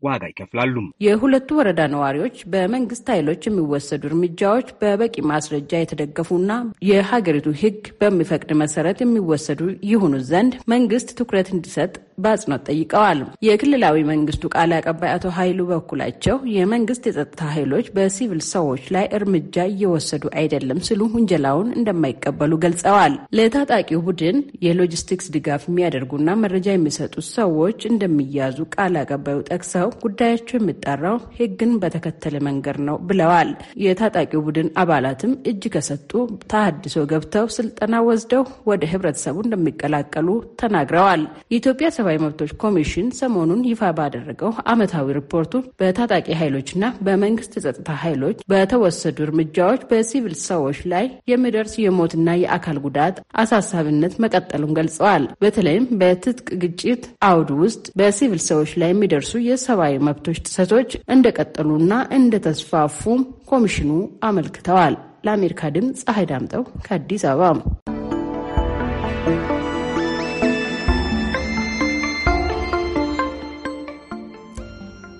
Speaker 8: ዋጋ ይከፍላሉ።
Speaker 7: የሁለቱ ወረዳ ነዋሪዎች በመንግስት ኃይሎች የሚወሰዱ እርምጃዎች በበቂ ማስረጃ የተደገፉና የሀገሪቱ ሕግ በሚፈቅድ መሰረት የሚወሰዱ ይሁኑ ዘንድ መንግስት ትኩረት እንዲሰጥ በአጽንኦት ጠይቀዋል። የክልላዊ መንግስቱ ቃል አቀባይ አቶ ኃይሉ በኩላቸው የመንግስት የጸጥታ ኃይሎች በሲቪል ሰዎች ላይ እርምጃ እየወሰዱ አይደለም ሲሉ ውንጀላውን እንደማይቀበሉ ገልጸዋል። ለታጣቂው ቡድን የሎጂስቲክስ ድጋፍ የሚያደርጉና መረጃ የሚሰጡ ሰዎች እንደሚያዙ ቃል አቀባዩ ጠቅሰው ጉዳያቸው የሚጣራው ሕግን በተከተለ መንገድ ነው ብለዋል። የታጣቂው ቡድን አባላትም እጅ ከሰጡ ተሃድሶ ገብተው ስልጠና ወስደው ወደ ህብረተሰቡ እንደሚቀላቀሉ ተናግረዋል። የኢትዮጵያ ሰብአዊ መብቶች ኮሚሽን ሰሞኑን ይፋ ባደረገው ዓመታዊ ሪፖርቱ በታጣቂ ኃይሎችና በመንግስት የጸጥታ ኃይሎች በተወሰዱ እርምጃዎች በሲቪል ሰዎች ላይ የሚደርስ የሞትና የአካል ጉዳት አሳሳቢነት መቀጠሉን ገልጸዋል። በተለይም በትጥቅ ግጭት አውድ ውስጥ በሲቪል ሰዎች ላይ የሚደርሱ የሰ የሰብአዊ መብቶች ጥሰቶች እንደቀጠሉና እንደተስፋፉ ኮሚሽኑ አመልክተዋል። ለአሜሪካ ድምፅ ፀሐይ ዳምጠው ከአዲስ አበባ።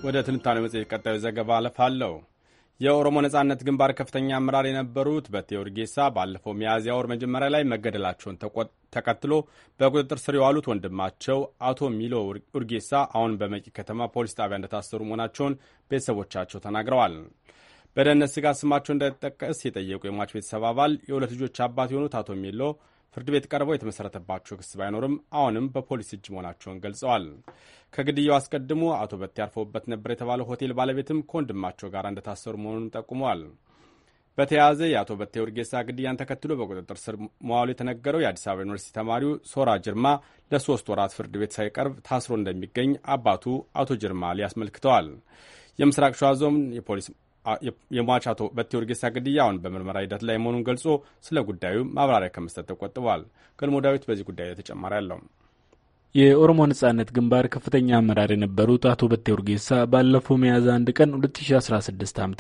Speaker 1: ወደ ትንታኔ መጽሔት ቀጣዩ ዘገባ አለፋለሁ። የኦሮሞ ነጻነት ግንባር ከፍተኛ አመራር የነበሩት በቴ ኡርጌሳ ባለፈው ሚያዝያ ወር መጀመሪያ ላይ መገደላቸውን ተከትሎ በቁጥጥር ስር የዋሉት ወንድማቸው አቶ ሚሎ ኡርጌሳ አሁን በመቂ ከተማ ፖሊስ ጣቢያ እንደታሰሩ መሆናቸውን ቤተሰቦቻቸው ተናግረዋል። በደህንነት ስጋት ስማቸው እንዳይጠቀስ የጠየቁ የሟች ቤተሰብ አባል የሁለት ልጆች አባት የሆኑት አቶ ሚሎ ፍርድ ቤት ቀርበው የተመሰረተባቸው ክስ ባይኖርም አሁንም በፖሊስ እጅ መሆናቸውን ገልጸዋል። ከግድያው አስቀድሞ አቶ በቴ ያርፈውበት ነበር የተባለው ሆቴል ባለቤትም ከወንድማቸው ጋር እንደታሰሩ መሆኑን ጠቁመዋል። በተያያዘ የአቶ በቴ ኡርጌሳ ግድያን ተከትሎ በቁጥጥር ስር መዋሉ የተነገረው የአዲስ አበባ ዩኒቨርሲቲ ተማሪው ሶራ ጅርማ ለሶስት ወራት ፍርድ ቤት ሳይቀርብ ታስሮ እንደሚገኝ አባቱ አቶ ጅርማ ሊያስመልክተዋል። የምስራቅ ሸዋ ዞን የፖሊስ የሟች አቶ በቴ ኡርጌሳ ግድያ አሁን በምርመራ ሂደት ላይ መሆኑን ገልጾ ስለ ጉዳዩ ማብራሪያ ከመስጠት ተቆጥቧል። ገልሞ ዳዊት በዚህ ጉዳይ ላይ ተጨማሪ አለው።
Speaker 9: የኦሮሞ ነጻነት ግንባር ከፍተኛ አመራር የነበሩት አቶ በቴ ባለፈው መያዝ አንድ ቀን 2016 ዓ ም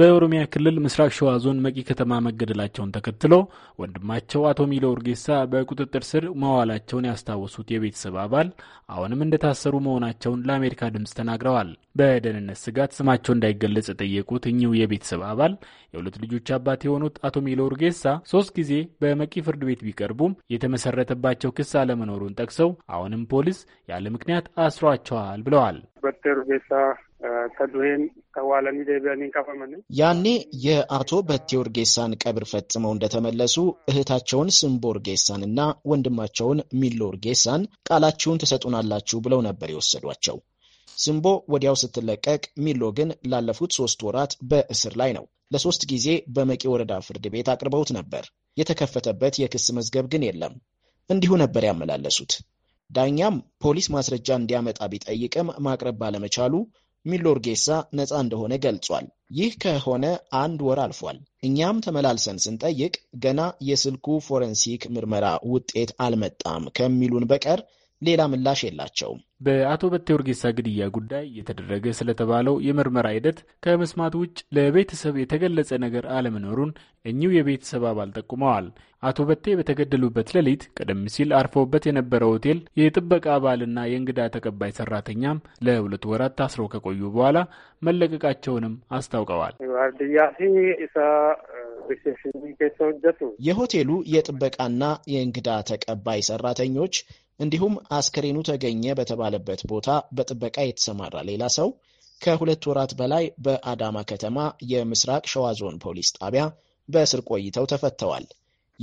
Speaker 9: በኦሮሚያ ክልል ምስራቅ ሸዋ ዞን መቂ ከተማ መገደላቸውን ተከትሎ ወንድማቸው አቶ ሚሎ ኡርጌሳ በቁጥጥር ስር መዋላቸውን ያስታወሱት የቤተሰብ አባል አሁንም እንደታሰሩ መሆናቸውን ለአሜሪካ ድምፅ ተናግረዋል። በደህንነት ስጋት ስማቸው እንዳይገለጽ የጠየቁት እኚሁ የቤተሰብ አባል የሁለት ልጆች አባት የሆኑት አቶ ሚሎ ኡርጌሳ ሶስት ጊዜ በመቂ ፍርድ ቤት ቢቀርቡም የተመሰረተባቸው ክስ አለመኖሩን ጠቅሰው አሁንም ፖሊስ ያለ ምክንያት አስሯቸዋል ብለዋል። ያኔ
Speaker 10: የአቶ በቴ ኡርጌሳን ቀብር ፈጽመው እንደተመለሱ እህታቸውን ስምቦ ኡርጌሳን እና ወንድማቸውን ሚሎ ኡርጌሳን ቃላችሁን ትሰጡናላችሁ ብለው ነበር የወሰዷቸው። ስምቦ ወዲያው ስትለቀቅ፣ ሚሎ ግን ላለፉት ሶስት ወራት በእስር ላይ ነው። ለሶስት ጊዜ በመቂ ወረዳ ፍርድ ቤት አቅርበውት ነበር። የተከፈተበት የክስ መዝገብ ግን የለም። እንዲሁ ነበር ያመላለሱት። ዳኛም ፖሊስ ማስረጃ እንዲያመጣ ቢጠይቅም ማቅረብ ባለመቻሉ ሚሎርጌሳ ነፃ እንደሆነ ገልጿል። ይህ ከሆነ አንድ ወር አልፏል። እኛም ተመላልሰን ስንጠይቅ ገና የስልኩ ፎረንሲክ ምርመራ ውጤት አልመጣም ከሚሉን በቀር ሌላ ምላሽ የላቸውም።
Speaker 9: በአቶ በቴ ኡርጌሳ ግድያ ጉዳይ የተደረገ ስለተባለው የምርመራ ሂደት ከመስማት ውጭ ለቤተሰብ የተገለጸ ነገር አለመኖሩን እኚሁ የቤተሰብ አባል ጠቁመዋል። አቶ በቴ በተገደሉበት ሌሊት ቀደም ሲል አርፈውበት የነበረው ሆቴል የጥበቃ አባልና የእንግዳ ተቀባይ ሰራተኛም ለሁለት ወራት ታስረው ከቆዩ በኋላ መለቀቃቸውንም አስታውቀዋል። የሆቴሉ የጥበቃና የእንግዳ
Speaker 10: ተቀባይ ሰራተኞች እንዲሁም አስከሬኑ ተገኘ በተባለበት ቦታ በጥበቃ የተሰማራ ሌላ ሰው ከሁለት ወራት በላይ በአዳማ ከተማ የምስራቅ ሸዋ ዞን ፖሊስ ጣቢያ በእስር ቆይተው ተፈተዋል።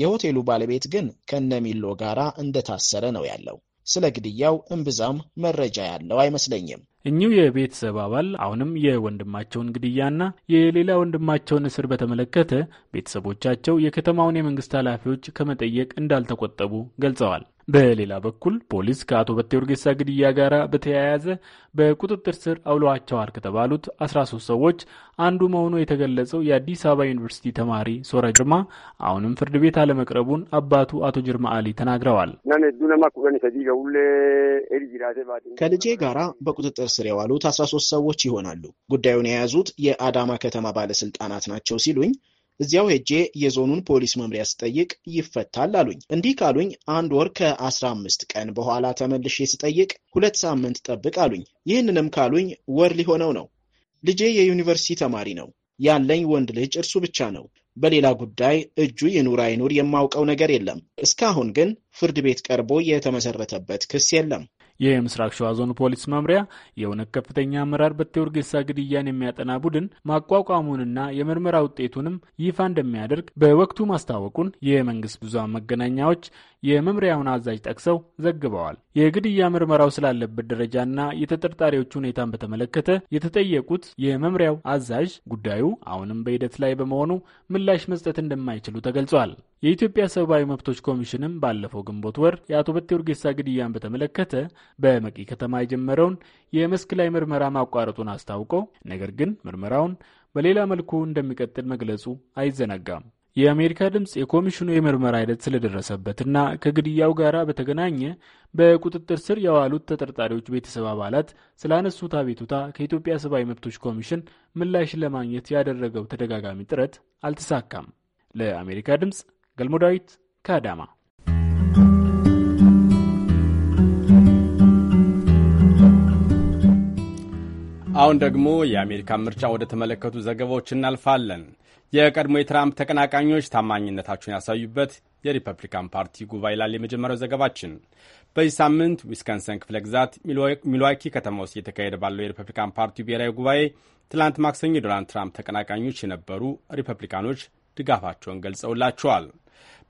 Speaker 10: የሆቴሉ ባለቤት ግን ከነሚሎ ጋራ እንደታሰረ ነው ያለው። ስለ ግድያው እምብዛም መረጃ ያለው አይመስለኝም።
Speaker 9: እኚሁ የቤተሰብ አባል አሁንም የወንድማቸውን ግድያና የሌላ ወንድማቸውን እስር በተመለከተ ቤተሰቦቻቸው የከተማውን የመንግስት ኃላፊዎች ከመጠየቅ እንዳልተቆጠቡ ገልጸዋል። በሌላ በኩል ፖሊስ ከአቶ በቴ ኡርጌሳ ግድያ ጋር በተያያዘ በቁጥጥር ስር አውለዋቸዋል ከተባሉት 13 ሰዎች አንዱ መሆኑ የተገለጸው የአዲስ አበባ ዩኒቨርሲቲ ተማሪ ሶረ ጅርማ አሁንም ፍርድ ቤት አለመቅረቡን አባቱ አቶ ጅርማ አሊ ተናግረዋል። ከልጄ ጋራ
Speaker 10: በቁጥጥር ስር የዋሉት 13 ሰዎች ይሆናሉ። ጉዳዩን የያዙት የአዳማ ከተማ ባለስልጣናት ናቸው ሲሉኝ እዚያው ሄጄ የዞኑን ፖሊስ መምሪያ ስጠይቅ ይፈታል አሉኝ። እንዲህ ካሉኝ አንድ ወር ከአስራ አምስት ቀን በኋላ ተመልሼ ስጠይቅ ሁለት ሳምንት ጠብቅ አሉኝ። ይህንንም ካሉኝ ወር ሊሆነው ነው። ልጄ የዩኒቨርሲቲ ተማሪ ነው። ያለኝ ወንድ ልጅ እርሱ ብቻ ነው። በሌላ ጉዳይ እጁ ይኑር አይኑር የማውቀው ነገር የለም። እስካሁን
Speaker 9: ግን ፍርድ ቤት ቀርቦ የተመሰረተበት ክስ የለም። የምስራቅ ሸዋ ዞን ፖሊስ መምሪያ የእውነት ከፍተኛ አመራር በቴ ኡርጌሳ ግድያን የሚያጠና ቡድን ማቋቋሙንና የምርመራ ውጤቱንም ይፋ እንደሚያደርግ በወቅቱ ማስታወቁን የመንግስት ብዙሃን መገናኛዎች የመምሪያውን አዛዥ ጠቅሰው ዘግበዋል። የግድያ ምርመራው ስላለበት ደረጃና የተጠርጣሪዎች ሁኔታን በተመለከተ የተጠየቁት የመምሪያው አዛዥ ጉዳዩ አሁንም በሂደት ላይ በመሆኑ ምላሽ መስጠት እንደማይችሉ ተገልጿል። የኢትዮጵያ ሰብአዊ መብቶች ኮሚሽንም ባለፈው ግንቦት ወር የአቶ በቴ ኡርጌሳ ግድያን በተመለከተ በመቂ ከተማ የጀመረውን የመስክ ላይ ምርመራ ማቋረጡን አስታውቆ ነገር ግን ምርመራውን በሌላ መልኩ እንደሚቀጥል መግለጹ አይዘነጋም። የአሜሪካ ድምፅ የኮሚሽኑ የምርመራ ሂደት ስለደረሰበትና ከግድያው ጋር በተገናኘ በቁጥጥር ስር የዋሉት ተጠርጣሪዎች ቤተሰብ አባላት ስላነሱት አቤቱታ ከኢትዮጵያ ሰብአዊ መብቶች ኮሚሽን ምላሽ ለማግኘት ያደረገው ተደጋጋሚ ጥረት አልተሳካም። ለአሜሪካ ድምፅ ገልሞ ዳዊት ከአዳማ
Speaker 1: አሁን ደግሞ የአሜሪካን ምርጫ ወደ ተመለከቱ ዘገባዎች እናልፋለን። የቀድሞ የትራምፕ ተቀናቃኞች ታማኝነታቸውን ያሳዩበት የሪፐብሊካን ፓርቲ ጉባኤ ይላል የመጀመሪያው ዘገባችን። በዚህ ሳምንት ዊስከንሰን ክፍለ ግዛት ሚልዋኪ ከተማ ውስጥ እየተካሄደ ባለው የሪፐብሊካን ፓርቲው ብሔራዊ ጉባኤ ትላንት ማክሰኞ የዶናልድ ትራምፕ ተቀናቃኞች የነበሩ ሪፐብሊካኖች ድጋፋቸውን ገልጸውላቸዋል።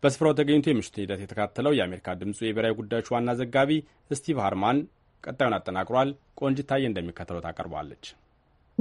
Speaker 1: በስፍራው ተገኝቶ የምሽቱን ሂደት የተካተለው የአሜሪካ ድምፁ የብሔራዊ ጉዳዮች ዋና ዘጋቢ ስቲቭ ሃርማን ቀጣዩን አጠናቅሯል። ቆንጅታዬ እንደሚከተለው ታቀርባለች።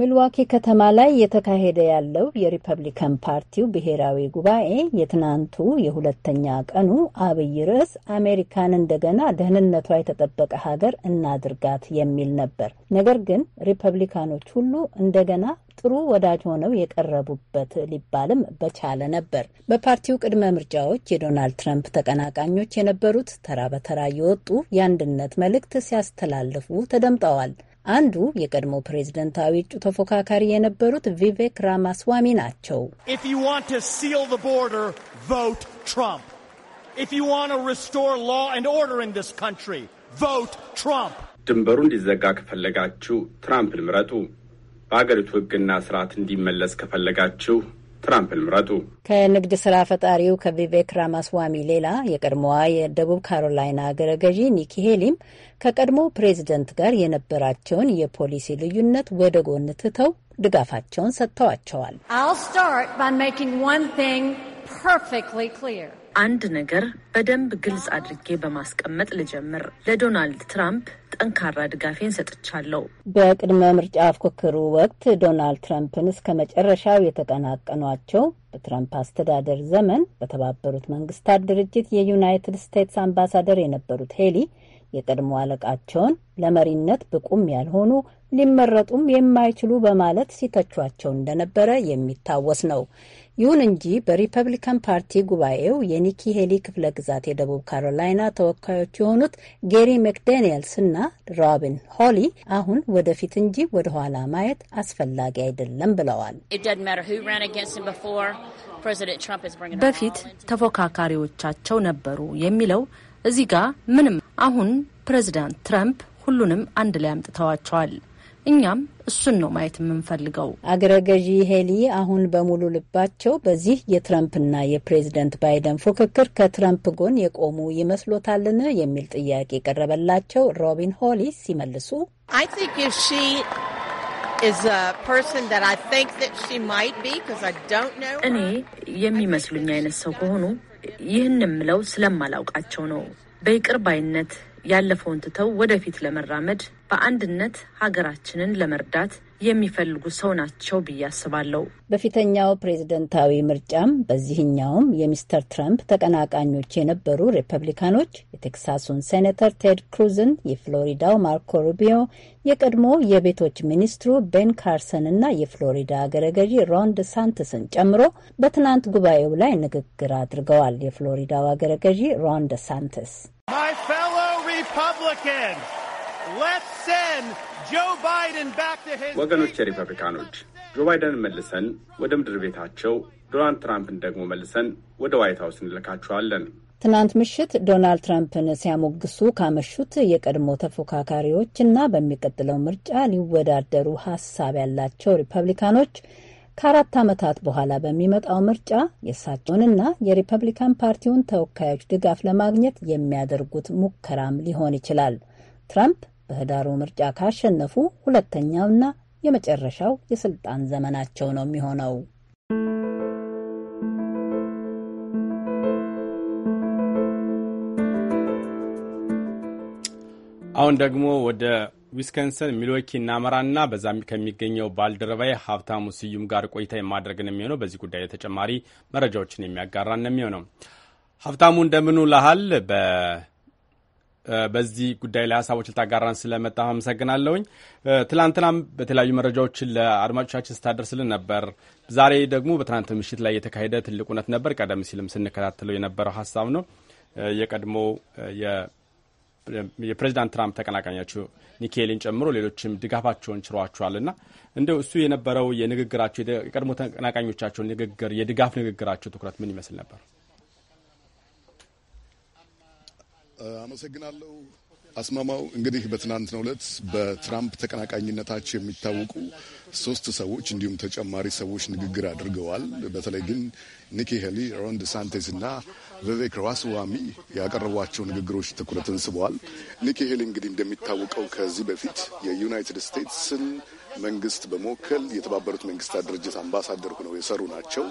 Speaker 11: ሚልዋኪ ከተማ ላይ እየተካሄደ ያለው የሪፐብሊካን ፓርቲው ብሔራዊ ጉባኤ የትናንቱ የሁለተኛ ቀኑ አብይ ርዕስ አሜሪካን እንደገና ደህንነቷ የተጠበቀ ሀገር እናድርጋት የሚል ነበር። ነገር ግን ሪፐብሊካኖች ሁሉ እንደገና ጥሩ ወዳጅ ሆነው የቀረቡበት ሊባልም በቻለ ነበር። በፓርቲው ቅድመ ምርጫዎች የዶናልድ ትራምፕ ተቀናቃኞች የነበሩት ተራ በተራ የወጡ የአንድነት መልእክት ሲያስተላልፉ ተደምጠዋል። አንዱ የቀድሞ ፕሬዝደንታዊ እጩ ተፎካካሪ የነበሩት ቪቬክ ራማስዋሚ ናቸው።
Speaker 1: ድንበሩ እንዲዘጋ ከፈለጋችሁ ትራምፕን ምረጡ። በአገሪቱ ሕግና ስርዓት እንዲመለስ ከፈለጋችሁ ትራምፕ ምረጡ።
Speaker 11: ከንግድ ስራ ፈጣሪው ከቪቬክ ራማስዋሚ ሌላ የቀድሞዋ የደቡብ ካሮላይና አገረ ገዢ ኒኪ ሄሊም ከቀድሞ ፕሬዚደንት ጋር የነበራቸውን የፖሊሲ ልዩነት ወደ ጎን ትተው ድጋፋቸውን ሰጥተዋቸዋል።
Speaker 12: አንድ ነገር በደንብ ግልጽ አድርጌ በማስቀመጥ ልጀምር። ለዶናልድ ትራምፕ ጠንካራ ድጋፌን ሰጥቻለሁ።
Speaker 11: በቅድመ ምርጫ ፉክክሩ ወቅት ዶናልድ ትራምፕን እስከ መጨረሻው የተቀናቀኗቸው በትራምፕ አስተዳደር ዘመን በተባበሩት መንግስታት ድርጅት የዩናይትድ ስቴትስ አምባሳደር የነበሩት ሄሊ የቀድሞ አለቃቸውን ለመሪነት ብቁም ያልሆኑ ሊመረጡም የማይችሉ በማለት ሲተቿቸው እንደነበረ የሚታወስ ነው። ይሁን እንጂ በሪፐብሊካን ፓርቲ ጉባኤው የኒኪ ሄሊ ክፍለ ግዛት የደቡብ ካሮላይና ተወካዮች የሆኑት ጌሪ መክዳኒየልስ እና ሮቢን ሆሊ አሁን ወደፊት እንጂ ወደ ኋላ ማየት አስፈላጊ አይደለም ብለዋል። በፊት ተፎካካሪዎቻቸው ነበሩ የሚለው
Speaker 12: እዚህ ጋር ምንም አሁን ፕሬዚዳንት ትራምፕ ሁሉንም አንድ ላይ አምጥተዋቸዋል።
Speaker 11: እኛም እሱን ነው ማየት የምንፈልገው። አገረ ገዢ ሄሊ አሁን በሙሉ ልባቸው በዚህ የትረምፕና የፕሬዝደንት ባይደን ፉክክር ከትረምፕ ጎን የቆሙ ይመስሎታልን? የሚል ጥያቄ የቀረበላቸው ሮቢን ሆሊ ሲመልሱ
Speaker 12: እኔ የሚመስሉኝ አይነት ሰው ከሆኑ ይህን የምለው ስለማላውቃቸው ነው። በይቅር ባይነት ያለፈውን ትተው ወደፊት ለመራመድ በአንድነት ሀገራችንን ለመርዳት የሚፈልጉ ሰው ናቸው ብዬ አስባለሁ።
Speaker 11: በፊተኛው ፕሬዝደንታዊ ምርጫም በዚህኛውም የሚስተር ትራምፕ ተቀናቃኞች የነበሩ ሪፐብሊካኖች የቴክሳሱን ሴኔተር ቴድ ክሩዝን፣ የፍሎሪዳው ማርኮ ሩቢዮ፣ የቀድሞ የቤቶች ሚኒስትሩ ቤን ካርሰን እና የፍሎሪዳ አገረ ገዢ ሮን ደሳንትስን ጨምሮ በትናንት ጉባኤው ላይ ንግግር አድርገዋል። የፍሎሪዳው አገረ ገዢ ሮን ደሳንትስ
Speaker 12: ወገኖች
Speaker 1: የሪፐብሊካኖች ጆ ባይደንን መልሰን ወደ ምድር ቤታቸው፣ ዶናልድ ትራምፕን ደግሞ መልሰን ወደ ዋይት ሀውስ እንልካቸዋለን።
Speaker 11: ትናንት ምሽት ዶናልድ ትራምፕን ሲያሞግሱ ካመሹት የቀድሞ ተፎካካሪዎች እና በሚቀጥለው ምርጫ ሊወዳደሩ ሀሳብ ያላቸው ሪፐብሊካኖች ከአራት ዓመታት በኋላ በሚመጣው ምርጫ የእሳቸውንና የሪፐብሊካን ፓርቲውን ተወካዮች ድጋፍ ለማግኘት የሚያደርጉት ሙከራም ሊሆን ይችላል። ትራምፕ በህዳሩ ምርጫ ካሸነፉ ሁለተኛውና የመጨረሻው የስልጣን ዘመናቸው ነው የሚሆነው።
Speaker 1: አሁን ደግሞ ወደ ዊስከንሰን ሚልዌኪ እናመራና በዛም ከሚገኘው ባልደረባይ ሀብታሙ ስዩም ጋር ቆይታ የማድረግን የሚሆነው በዚህ ጉዳይ ተጨማሪ መረጃዎችን የሚያጋራን ነው የሚሆነው። ሀብታሙ እንደምኑ ላሃል። በዚህ ጉዳይ ላይ ሀሳቦች ልታጋራን ስለመጣ አመሰግናለሁኝ። ትላንትናም በተለያዩ መረጃዎችን ለአድማጮቻችን ስታደርስልን ነበር። ዛሬ ደግሞ በትናንት ምሽት ላይ የተካሄደ ትልቅ እውነት ነበር። ቀደም ሲልም ስንከታተለው የነበረው ሀሳብ ነው። የቀድሞ የፕሬዚዳንት ትራምፕ ተቀናቃኛቸው ኒኬሊን ጨምሮ ሌሎችም ድጋፋቸውን ችሯቸዋልና እንደው እሱ የነበረው የንግግራቸው የቀድሞ ተቀናቃኞቻቸው
Speaker 13: ንግግር የድጋፍ ንግግራቸው ትኩረት ምን ይመስል ነበር? አመሰግናለሁ አስማማው። እንግዲህ በትናንትናው ዕለት በትራምፕ ተቀናቃኝነታቸው የሚታወቁ ሶስት ሰዎች እንዲሁም ተጨማሪ ሰዎች ንግግር አድርገዋል። በተለይ ግን ኒኪ ሄሊ፣ ሮን ዴሳንቲስ እና ቪቬክ ራስዋሚ ያቀረቧቸው ንግግሮች ትኩረትን ስበዋል። ኒኪ ሄሊ እንግዲህ እንደሚታወቀው ከዚህ በፊት የዩናይትድ ስቴትስን መንግስት በመወከል የተባበሩት መንግስታት ድርጅት አምባሳደር ሆነው የሰሩ ናቸው።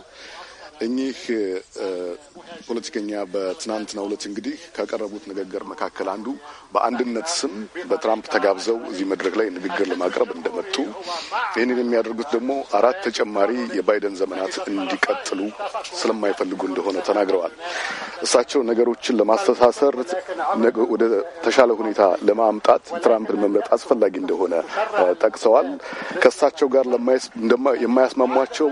Speaker 13: እኚህ ፖለቲከኛ በትናንትናው ዕለት እንግዲህ ካቀረቡት ንግግር መካከል አንዱ በአንድነት ስም በትራምፕ ተጋብዘው እዚህ መድረክ ላይ ንግግር ለማቅረብ እንደመጡ ይህንን የሚያደርጉት ደግሞ አራት ተጨማሪ የባይደን ዘመናት እንዲቀጥሉ ስለማይፈልጉ እንደሆነ ተናግረዋል። እሳቸው ነገሮችን ለማስተሳሰር ወደ ተሻለ ሁኔታ ለማምጣት ትራምፕን መምረጥ አስፈላጊ እንደሆነ ጠቅሰዋል። ከእሳቸው ጋር የማያስማሟቸው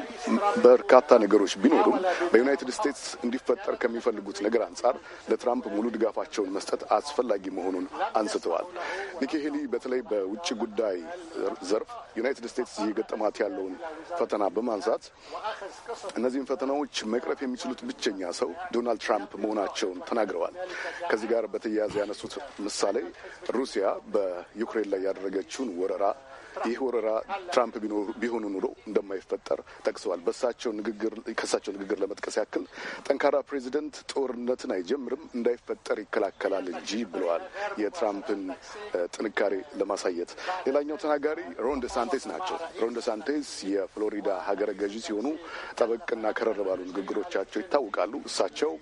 Speaker 13: በርካታ ነገሮች ቢኖሩም በዩናይትድ ስቴትስ እንዲፈጠር ከሚፈልጉት ነገር አንጻር ለትራምፕ ሙሉ ድጋፋቸውን መስጠት አስፈላጊ መሆኑን አንስተዋል። ኒኪ ሄሊ በተለይ በውጭ ጉዳይ ዘርፍ ዩናይትድ ስቴትስ እየገጠማት ያለውን ፈተና በማንሳት እነዚህን ፈተናዎች መቅረፍ የሚችሉት ብቸኛ ሰው ዶናልድ ትራምፕ መሆናቸውን ተናግረዋል። ከዚህ ጋር በተያያዘ ያነሱት ምሳሌ ሩሲያ በዩክሬን ላይ ያደረገችውን ወረራ ይህ ወረራ ትራምፕ ቢሆኑ ኑሮ እንደማይፈጠር ጠቅሰዋል። በሳቸው ንግግር ከሳቸው ንግግር ለመጥቀስ ያክል ጠንካራ ፕሬዚደንት ጦርነትን አይጀምርም፣ እንዳይፈጠር ይከላከላል እንጂ ብለዋል። የትራምፕን ጥንካሬ ለማሳየት ሌላኛው ተናጋሪ ሮን ደሳንቴስ ናቸው። ሮን ደሳንቴስ የፍሎሪዳ ሀገረ ገዢ ሲሆኑ ጠበቅና ከረር ባሉ ንግግሮቻቸው ይታወቃሉ። እሳቸው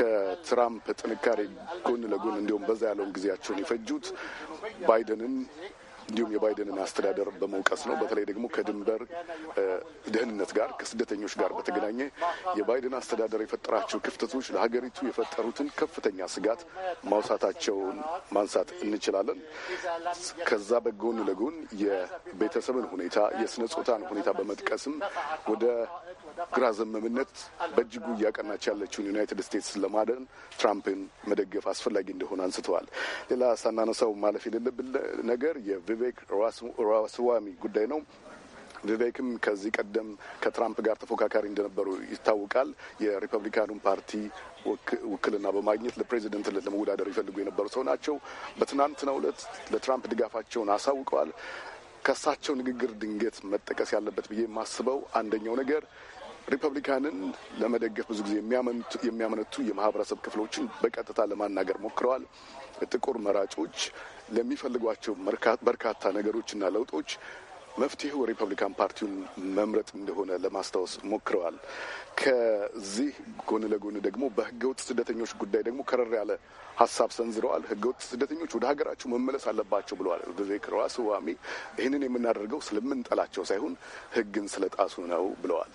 Speaker 13: ከትራምፕ ጥንካሬ ጎን ለጎን እንዲሁም በዛ ያለውን ጊዜያቸውን የፈጁት ባይደንን እንዲሁም የባይደንን አስተዳደር በመውቀስ ነው። በተለይ ደግሞ ከድንበር ደህንነት ጋር ከስደተኞች ጋር በተገናኘ የባይደን አስተዳደር የፈጠራቸው ክፍተቶች ለሀገሪቱ የፈጠሩትን ከፍተኛ ስጋት ማውሳታቸውን ማንሳት እንችላለን። ከዛ በጎን ለጎን የቤተሰብን ሁኔታ የስነ ጾታን ሁኔታ በመጥቀስም ወደ ግራ ዘመምነት በእጅጉ እያቀናች ያለችውን ዩናይትድ ስቴትስ ለማደን ትራምፕን መደገፍ አስፈላጊ እንደሆነ አንስተዋል። ሌላ ሳናነሳው ማለፍ የሌለብን ነገር ቪቬክ ራስዋሚ ጉዳይ ነው። ቪቬክም ከዚህ ቀደም ከትራምፕ ጋር ተፎካካሪ እንደነበሩ ይታወቃል። የሪፐብሊካኑን ፓርቲ ውክልና በማግኘት ለፕሬዚደንትነት ለመወዳደር ይፈልጉ የነበሩ ሰው ናቸው። በትናንትናው ዕለት ለትራምፕ ድጋፋቸውን አሳውቀዋል። ከእሳቸው ንግግር ድንገት መጠቀስ ያለበት ብዬ የማስበው አንደኛው ነገር ሪፐብሊካንን ለመደገፍ ብዙ ጊዜ የሚያመነቱ የማህበረሰብ ክፍሎችን በቀጥታ ለማናገር ሞክረዋል። ጥቁር መራጮች ለሚፈልጓቸው በርካታ ነገሮችና ለውጦች መፍትሄው ሪፐብሊካን ፓርቲውን መምረጥ እንደሆነ ለማስታወስ ሞክረዋል። ከዚህ ጎን ለጎን ደግሞ በህገወጥ ስደተኞች ጉዳይ ደግሞ ከረር ያለ ሀሳብ ሰንዝረዋል። ህገወጥ ስደተኞች ወደ ሀገራቸው መመለስ አለባቸው ብለዋል። ዜክረዋ ስዋሚ ይህንን የምናደርገው ስለምንጠላቸው ሳይሆን ህግን ስለጣሱ ነው ብለዋል።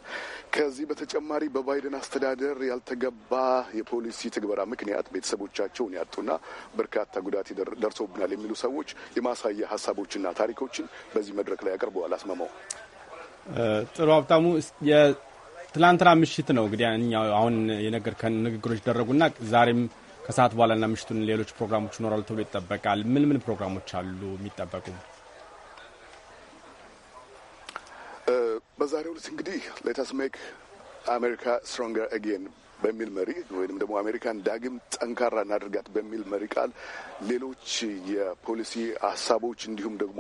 Speaker 13: ከዚህ በተጨማሪ በባይደን አስተዳደር ያልተገባ የፖሊሲ ትግበራ ምክንያት ቤተሰቦቻቸውን ያጡና በርካታ ጉዳት ደርሶብናል የሚሉ ሰዎች የማሳያ ሀሳቦችና ታሪኮችን በዚህ መድረክ ላይ ያቀርበዋል። አስመመው
Speaker 1: ጥሩ ሀብታሙ ትላንትና ምሽት ነው እንግዲህ እኛ አሁን የነገር ከንግግሮች ደረጉና ዛሬም ከሰዓት በኋላና ምሽቱን ሌሎች ፕሮግራሞች ይኖራሉ ተብሎ ይጠበቃል። ምን ምን ፕሮግራሞች አሉ የሚጠበቁ?
Speaker 13: በዛሬው ዕለት እንግዲህ ሌተስ ሜክ አሜሪካ ስትሮንገር አጌን በሚል መሪ ወይም ደግሞ አሜሪካን ዳግም ጠንካራ እናድርጋት በሚል መሪ ቃል ሌሎች የፖሊሲ ሀሳቦች እንዲሁም ደግሞ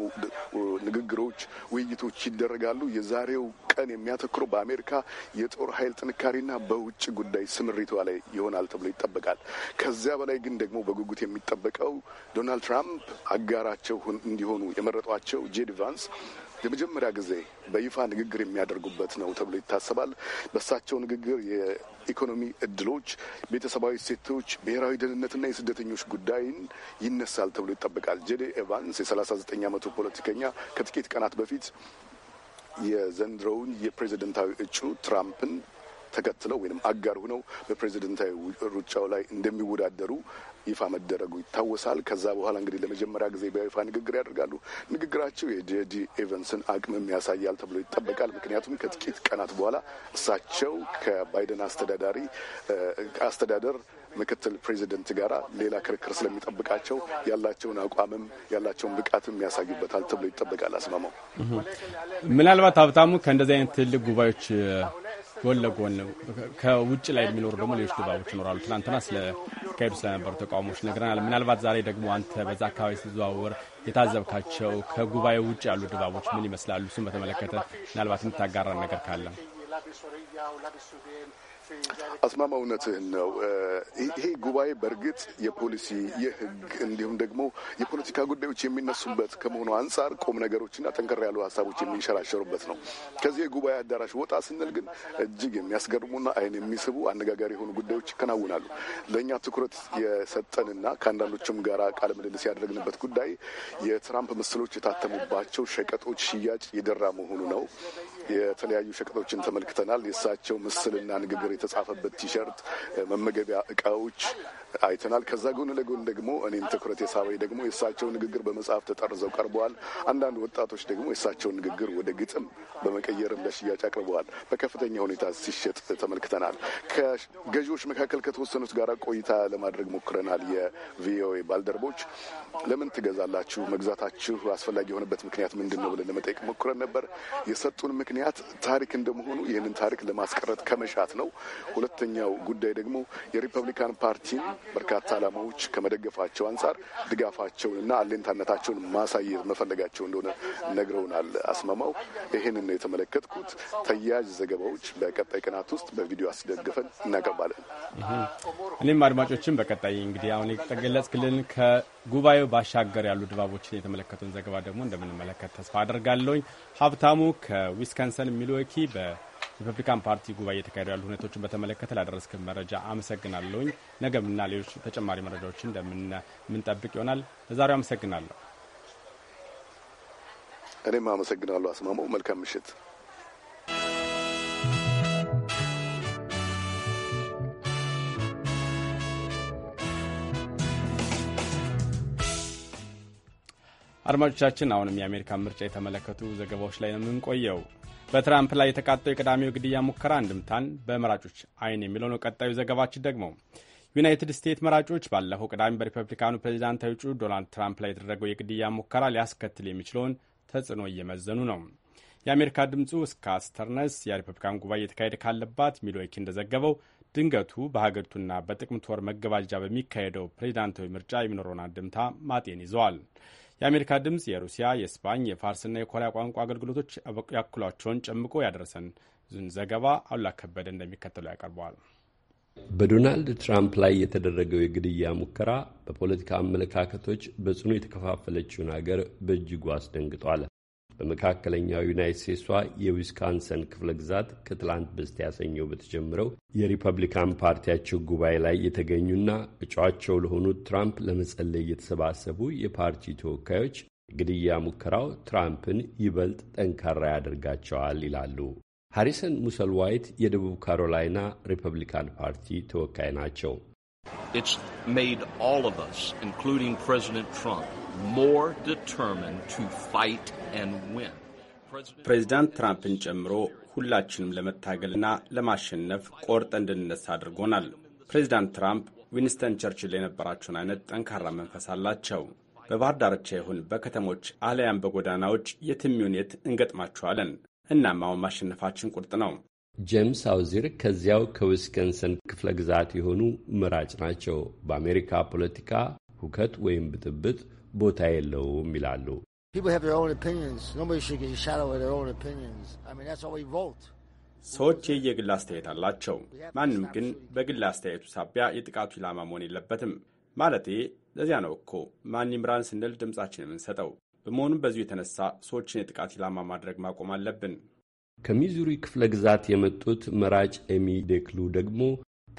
Speaker 13: ንግግሮች፣ ውይይቶች ይደረጋሉ። የዛሬው ቀን የሚያተኩረው በአሜሪካ የጦር ኃይል ጥንካሬና በውጭ ጉዳይ ስምሪቷ ላይ ይሆናል ተብሎ ይጠበቃል። ከዚያ በላይ ግን ደግሞ በጉጉት የሚጠበቀው ዶናልድ ትራምፕ አጋራቸው እንዲሆኑ የመረጧቸው ጄዲ ቫንስ የመጀመሪያ ጊዜ በይፋ ንግግር የሚያደርጉበት ነው ተብሎ ይታሰባል። በሳቸው ንግግር የኢኮኖሚ እድሎች፣ ቤተሰባዊ ሴቶች ብሔራዊ ደህንነትና የስደተኞች ጉዳይን ይነሳል ተብሎ ይጠበቃል። ጄዴ ኤቫንስ የ39 ዓመቱ ፖለቲከኛ ከጥቂት ቀናት በፊት የዘንድሮውን የፕሬዝደንታዊ እጩ ትራምፕን ተከትለው ወይም አጋር ሆነው በፕሬዝደንታዊ ሩጫው ላይ እንደሚወዳደሩ ይፋ መደረጉ ይታወሳል። ከዛ በኋላ እንግዲህ ለመጀመሪያ ጊዜ በይፋ ንግግር ያደርጋሉ። ንግግራቸው የጄዲ ኤቨንስን አቅምም ያሳያል ተብሎ ይጠበቃል። ምክንያቱም ከጥቂት ቀናት በኋላ እሳቸው ከባይደን አስተዳዳሪ አስተዳደር ምክትል ፕሬዚደንት ጋር ሌላ ክርክር ስለሚጠብቃቸው ያላቸውን አቋምም ያላቸውን ብቃትም ያሳዩበታል ተብሎ ይጠበቃል። አስማማው፣
Speaker 1: ምናልባት ሀብታሙ ከእንደዚህ አይነት ትልቅ ጉባኤዎች ጎን ለጎን ከውጭ ላይ የሚኖሩ ደግሞ ሌሎች ድባቦች ይኖራሉ። ትናንትና ስለ ካሄዱ ስለነበሩ ተቃውሞች ነግረናል። ምናልባት ዛሬ ደግሞ አንተ በዛ አካባቢ ስትዘዋወር የታዘብካቸው ከጉባኤ ውጭ ያሉ ድባቦች ምን ይመስላሉ? እሱን በተመለከተ ምናልባት የምታጋራን ነገር ካለ
Speaker 13: አስማማ፣ እውነትህን ነው። ይሄ ጉባኤ በእርግጥ የፖሊሲ የህግ፣ እንዲሁም ደግሞ የፖለቲካ ጉዳዮች የሚነሱበት ከመሆኑ አንጻር ቁም ነገሮችና ጠንከር ያሉ ሀሳቦች የሚንሸራሸሩበት ነው። ከዚህ የጉባኤ አዳራሽ ወጣ ስንል ግን እጅግ የሚያስገርሙና አይን የሚስቡ አነጋጋሪ የሆኑ ጉዳዮች ይከናውናሉ። ለእኛ ትኩረት የሰጠንና ከአንዳንዶችም ጋር ቃለ ምልልስ ያደረግንበት ጉዳይ የትራምፕ ምስሎች የታተሙባቸው ሸቀጦች ሽያጭ የደራ መሆኑ ነው። የተለያዩ ሸቀጦችን ተመልክተናል። የእሳቸው ምስልና ንግግር የተጻፈበት ቲሸርት፣ መመገቢያ እቃዎች፣ አይተናል። ከዛ ጎን ለጎን ደግሞ እኔም ትኩረት የሳበኝ ደግሞ የእሳቸው ንግግር በመጽሐፍ ተጠርዘው ቀርበዋል። አንዳንድ ወጣቶች ደግሞ የእሳቸውን ንግግር ወደ ግጥም በመቀየርም ለሽያጭ አቅርበዋል። በከፍተኛ ሁኔታ ሲሸጥ ተመልክተናል። ከገዢዎች መካከል ከተወሰኑት ጋር ቆይታ ለማድረግ ሞክረናል። የቪኦኤ ባልደረቦች ለምን ትገዛላችሁ፣ መግዛታችሁ አስፈላጊ የሆነበት ምክንያት ምንድን ነው ብለን ለመጠየቅ ሞክረን ነበር። የሰጡን ምክንያት ታሪክ እንደመሆኑ ይህንን ታሪክ ለማስቀረት ከመሻት ነው። ሁለተኛው ጉዳይ ደግሞ የሪፐብሊካን ፓርቲን በርካታ ዓላማዎች ከመደገፋቸው አንጻር ድጋፋቸውንና አሌንታነታቸውን ማሳየት መፈለጋቸው እንደሆነ ነግረውናል። አስማማው ይህንን ነው የተመለከትኩት። ተያያዥ ዘገባዎች በቀጣይ ቀናት ውስጥ በቪዲዮ አስደግፈን እናቀርባለን።
Speaker 1: እኔም አድማጮችን በቀጣይ እንግዲህ አሁን የተገለጽክልን ከጉባኤው ባሻገር ያሉ ድባቦችን የተመለከቱን ዘገባ ደግሞ እንደምንመለከት ተስፋ አደርጋለሁኝ። ሀብታሙ ከዊስካንሰን ሚልዌኪ በ ሪፐብሊካን ፓርቲ ጉባኤ የተካሄዱ ያሉ ሁኔታዎችን በተመለከተ ላደረስክን መረጃ አመሰግናለሁኝ። ነገ ምና ሌሎች ተጨማሪ መረጃዎችን እንደምንጠብቅ ይሆናል። ለዛሬው አመሰግናለሁ።
Speaker 13: እኔም አመሰግናለሁ አስማማው። መልካም ምሽት።
Speaker 1: አድማጮቻችን አሁንም የአሜሪካን ምርጫ የተመለከቱ ዘገባዎች ላይ ነው የምንቆየው። በትራምፕ ላይ የተቃጠው የቅዳሜው ግድያ ሙከራ እንድምታን በመራጮች አይን የሚለው ነው። ቀጣዩ ዘገባችን ደግሞ ዩናይትድ ስቴትስ መራጮች ባለፈው ቅዳሜ በሪፐብሊካኑ ፕሬዚዳንታዊ እጩ ዶናልድ ትራምፕ ላይ የተደረገው የግድያ ሙከራ ሊያስከትል የሚችለውን ተጽዕኖ እየመዘኑ ነው። የአሜሪካ ድምፁ ስካት ስተርነስ የሪፐብሊካን ጉባኤ እየተካሄደ ካለባት ሚልዌኪ እንደዘገበው ድንገቱ በሀገሪቱና በጥቅምት ወር መገባጃ በሚካሄደው ፕሬዚዳንታዊ ምርጫ የሚኖረውን አንድምታ ማጤን ይዘዋል። የአሜሪካ ድምፅ የሩሲያ፣ የስፓኝ፣ የፋርስና የኮሪያ ቋንቋ አገልግሎቶች ያክሏቸውን ጨምቆ ያደረሰን ዘገባ አሉላ ከበደ እንደሚከተለው ያቀርበዋል።
Speaker 14: በዶናልድ ትራምፕ ላይ የተደረገው የግድያ ሙከራ በፖለቲካ አመለካከቶች በጽኑ የተከፋፈለችውን አገር በእጅጉ አስደንግጧል። በመካከለኛው ዩናይት ስቴትሷ የዊስካንሰን ክፍለ ግዛት ከትላንት በስቲያ ሰኞ በተጀምረው የሪፐብሊካን ፓርቲያቸው ጉባኤ ላይ የተገኙና እጩአቸው ለሆኑት ትራምፕ ለመጸለይ የተሰባሰቡ የፓርቲ ተወካዮች ግድያ ሙከራው ትራምፕን ይበልጥ ጠንካራ ያደርጋቸዋል ይላሉ። ሃሪሰን ሙሰል ዋይት የደቡብ ካሮላይና ሪፐብሊካን ፓርቲ ተወካይ ናቸው። ኢትስ
Speaker 1: ፕሬዚዳንት ትራምፕን ጨምሮ ሁላችንም ለመታገልና ለማሸነፍ ቆርጠ እንድንነሳ አድርጎናል። ፕሬዚዳንት ትራምፕ ዊንስተን ቸርችል የነበራቸውን አይነት ጠንካራ መንፈስ አላቸው። በባህር ዳርቻ ይሁን በከተሞች አለያም በጎዳናዎች የትም ይሁን እንገጥማቸዋለን። እናም አሁን ማሸነፋችን ቁርጥ ነው።
Speaker 14: ጄምስ አውዚር ከዚያው ከዊስከንሰን ክፍለ ግዛት የሆኑ መራጭ ናቸው። በአሜሪካ ፖለቲካ ሁከት ወይም ብጥብጥ ቦታ የለውም ይላሉ። ሰዎች የየግል አስተያየት
Speaker 1: አላቸው። ማንም ግን በግል አስተያየቱ ሳቢያ የጥቃቱ ኢላማ መሆን የለበትም። ማለቴ ለዚያ ነው እኮ ማን ይምራን ስንል ድምጻችን የምንሰጠው። በመሆኑም በዚሁ የተነሳ ሰዎችን የጥቃት ኢላማ ማድረግ ማቆም አለብን።
Speaker 14: ከሚዙሪ ክፍለ ግዛት የመጡት መራጭ ኤሚ ዴክሉ ደግሞ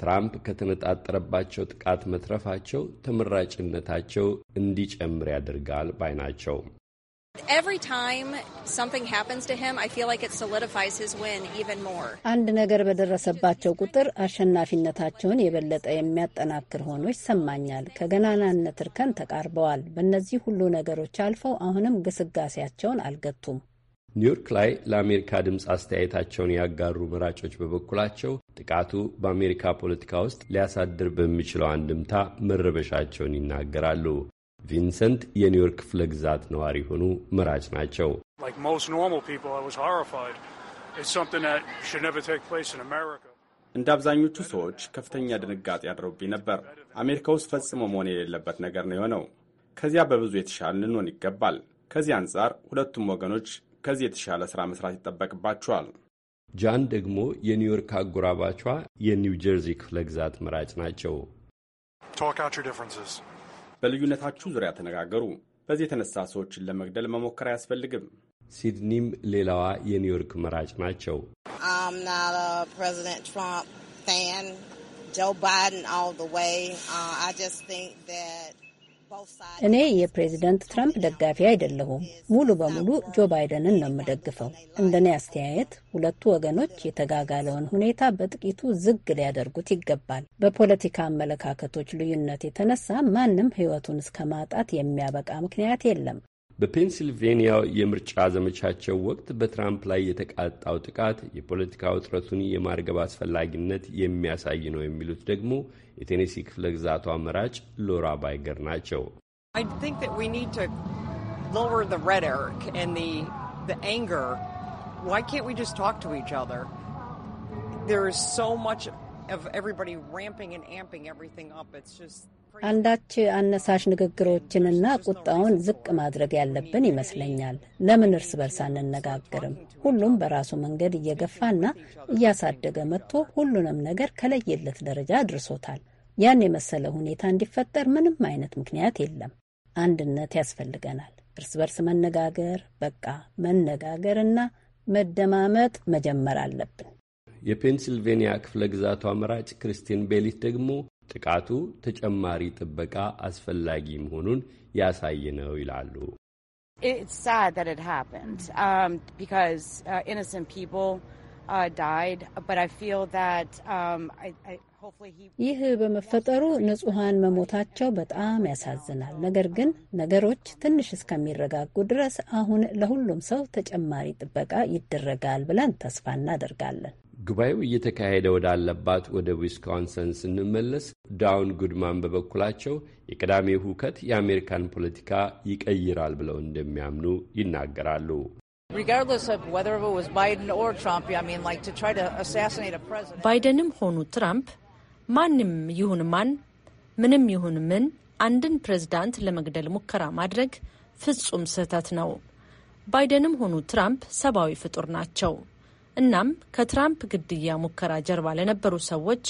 Speaker 14: ትራምፕ ከተነጣጠረባቸው ጥቃት መትረፋቸው ተመራጭነታቸው እንዲጨምር ያደርጋል ባይ ናቸው።
Speaker 11: አንድ ነገር በደረሰባቸው ቁጥር አሸናፊነታቸውን የበለጠ የሚያጠናክር ሆኖ ይሰማኛል። ከገናናነት እርከን ተቃርበዋል። በእነዚህ ሁሉ ነገሮች አልፈው አሁንም ግስጋሴያቸውን አልገቱም።
Speaker 14: ኒውዮርክ ላይ ለአሜሪካ ድምፅ አስተያየታቸውን ያጋሩ መራጮች በበኩላቸው ጥቃቱ በአሜሪካ ፖለቲካ ውስጥ ሊያሳድር በሚችለው አንድምታ መረበሻቸውን ይናገራሉ። ቪንሰንት የኒውዮርክ ክፍለ ግዛት ነዋሪ የሆኑ መራጭ ናቸው።
Speaker 1: እንደ አብዛኞቹ ሰዎች ከፍተኛ ድንጋጤ ያድረውብኝ ነበር። አሜሪካ ውስጥ ፈጽሞ መሆን የሌለበት ነገር ነው የሆነው። ከዚያ በብዙ የተሻለ ልንሆን ይገባል። ከዚህ አንጻር ሁለቱም ወገኖች ከዚህ የተሻለ ሥራ መሥራት ይጠበቅባቸዋል።
Speaker 14: ጃን ደግሞ የኒውዮርክ አጎራባቿ የኒው ጀርዚ ክፍለ ግዛት መራጭ ናቸው።
Speaker 1: በልዩነታችሁ ዙሪያ ተነጋገሩ። በዚህ የተነሳ ሰዎችን ለመግደል መሞከር አያስፈልግም።
Speaker 14: ሲድኒም ሌላዋ የኒውዮርክ መራጭ ናቸው። ጆ ባይደን
Speaker 11: እኔ የፕሬዚደንት ትራምፕ ደጋፊ አይደለሁም። ሙሉ በሙሉ ጆ ባይደንን ነው የምደግፈው። እንደኔ አስተያየት ሁለቱ ወገኖች የተጋጋለውን ሁኔታ በጥቂቱ ዝግ ሊያደርጉት ይገባል። በፖለቲካ አመለካከቶች ልዩነት የተነሳ ማንም ሕይወቱን እስከ ማጣት የሚያበቃ ምክንያት የለም።
Speaker 14: በፔንሲልቬንያው የምርጫ ዘመቻቸው ወቅት በትራምፕ ላይ የተቃጣው ጥቃት የፖለቲካ ውጥረቱን የማርገብ አስፈላጊነት የሚያሳይ ነው የሚሉት ደግሞ የቴኔሲ ክፍለ ግዛቷ መራጭ ሎራ ባይገር ናቸው።
Speaker 11: አንዳች አነሳሽ ንግግሮችንና ቁጣውን ዝቅ ማድረግ ያለብን ይመስለኛል። ለምን እርስ በርስ አንነጋገርም? ሁሉም በራሱ መንገድ እየገፋና እያሳደገ መጥቶ ሁሉንም ነገር ከለየለት ደረጃ አድርሶታል። ያን የመሰለ ሁኔታ እንዲፈጠር ምንም አይነት ምክንያት የለም። አንድነት ያስፈልገናል። እርስ በርስ መነጋገር፣ በቃ መነጋገርና መደማመጥ መጀመር አለብን።
Speaker 14: የፔንሲልቬንያ ክፍለ ግዛቱ አምራጭ ክርስቲን ቤሊት ደግሞ ጥቃቱ ተጨማሪ ጥበቃ አስፈላጊ መሆኑን ያሳይ ነው ይላሉ።
Speaker 11: ይህ በመፈጠሩ ንጹሐን መሞታቸው በጣም ያሳዝናል። ነገር ግን ነገሮች ትንሽ እስከሚረጋጉ ድረስ አሁን ለሁሉም ሰው ተጨማሪ ጥበቃ ይደረጋል ብለን ተስፋ እናደርጋለን።
Speaker 14: ጉባኤው እየተካሄደ ወዳለባት ወደ ዊስኮንሰን ስንመለስ ዳውን ጉድማን በበኩላቸው የቅዳሜው ሁከት የአሜሪካን ፖለቲካ ይቀይራል ብለው እንደሚያምኑ ይናገራሉ።
Speaker 12: ባይደንም ሆኑ ትራምፕ ማንም ይሁን ማን ምንም ይሁን ምን አንድን ፕሬዝዳንት ለመግደል ሙከራ ማድረግ ፍጹም ስህተት ነው። ባይደንም ሆኑ ትራምፕ ሰብአዊ ፍጡር ናቸው። እናም ከትራምፕ ግድያ ሙከራ ጀርባ ለነበሩ ሰዎች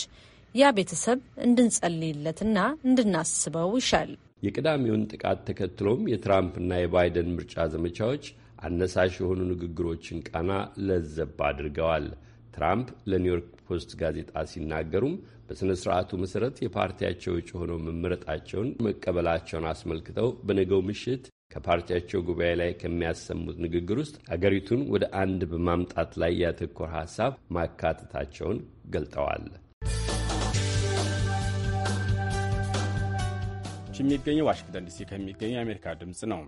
Speaker 12: ያ ቤተሰብ እንድንጸልይለትና እንድናስበው ይሻል።
Speaker 14: የቅዳሜውን ጥቃት ተከትሎም የትራምፕና የባይደን ምርጫ ዘመቻዎች አነሳሽ የሆኑ ንግግሮችን ቃና ለዘብ አድርገዋል። ትራምፕ ለኒውዮርክ ፖስት ጋዜጣ ሲናገሩም በሥነ ሥርዓቱ መሠረት የፓርቲያቸው እጩ ሆነው መመረጣቸውን መቀበላቸውን አስመልክተው በነገው ምሽት ከፓርቲያቸው ጉባኤ ላይ ከሚያሰሙት ንግግር ውስጥ አገሪቱን ወደ አንድ በማምጣት ላይ ያተኮረ ሀሳብ ማካተታቸውን ገልጠዋል።
Speaker 1: የሚገኘው ዋሽንግተን ዲሲ ከሚገኘው የአሜሪካ ድምፅ ነው።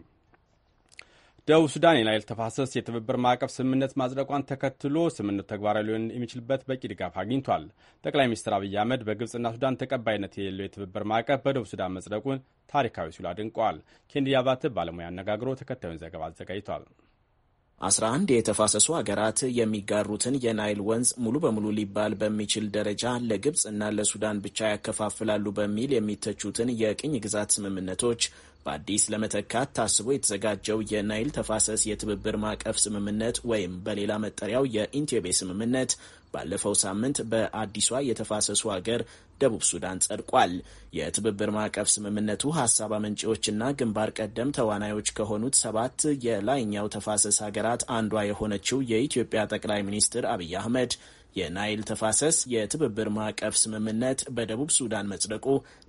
Speaker 1: ደቡብ ሱዳን የናይል ተፋሰስ የትብብር ማዕቀፍ ስምምነት ማጽደቋን ተከትሎ ስምምነቱ ተግባራዊ ሊሆን የሚችልበት በቂ ድጋፍ አግኝቷል። ጠቅላይ ሚኒስትር አብይ አህመድ በግብፅና ሱዳን ተቀባይነት የሌለው የትብብር ማዕቀፍ በደቡብ ሱዳን መጽደቁን ታሪካዊ ሲሉ አድንቀዋል። ኬንዲ አባተ ባለሙያ አነጋግሮ ተከታዩን ዘገባ አዘጋጅቷል።
Speaker 10: አንድ የተፋሰሱ ሀገራት የሚጋሩትን የናይል ወንዝ ሙሉ በሙሉ ሊባል በሚችል ደረጃ ለግብፅ እና ለሱዳን ብቻ ያከፋፍላሉ በሚል የሚተቹትን የቅኝ ግዛት ስምምነቶች በአዲስ ለመተካት ታስቦ የተዘጋጀው የናይል ተፋሰስ የትብብር ማዕቀፍ ስምምነት ወይም በሌላ መጠሪያው የኢንቴቤ ስምምነት ባለፈው ሳምንት በአዲሷ የተፋሰሱ ሀገር ደቡብ ሱዳን ጸድቋል። የትብብር ማዕቀፍ ስምምነቱ ሀሳብ አመንጪዎችና ግንባር ቀደም ተዋናዮች ከሆኑት ሰባት የላይኛው ተፋሰስ ሀገራት አንዷ የሆነችው የኢትዮጵያ ጠቅላይ ሚኒስትር አብይ አህመድ የናይል ተፋሰስ የትብብር ማዕቀፍ ስምምነት በደቡብ ሱዳን መጽደቁ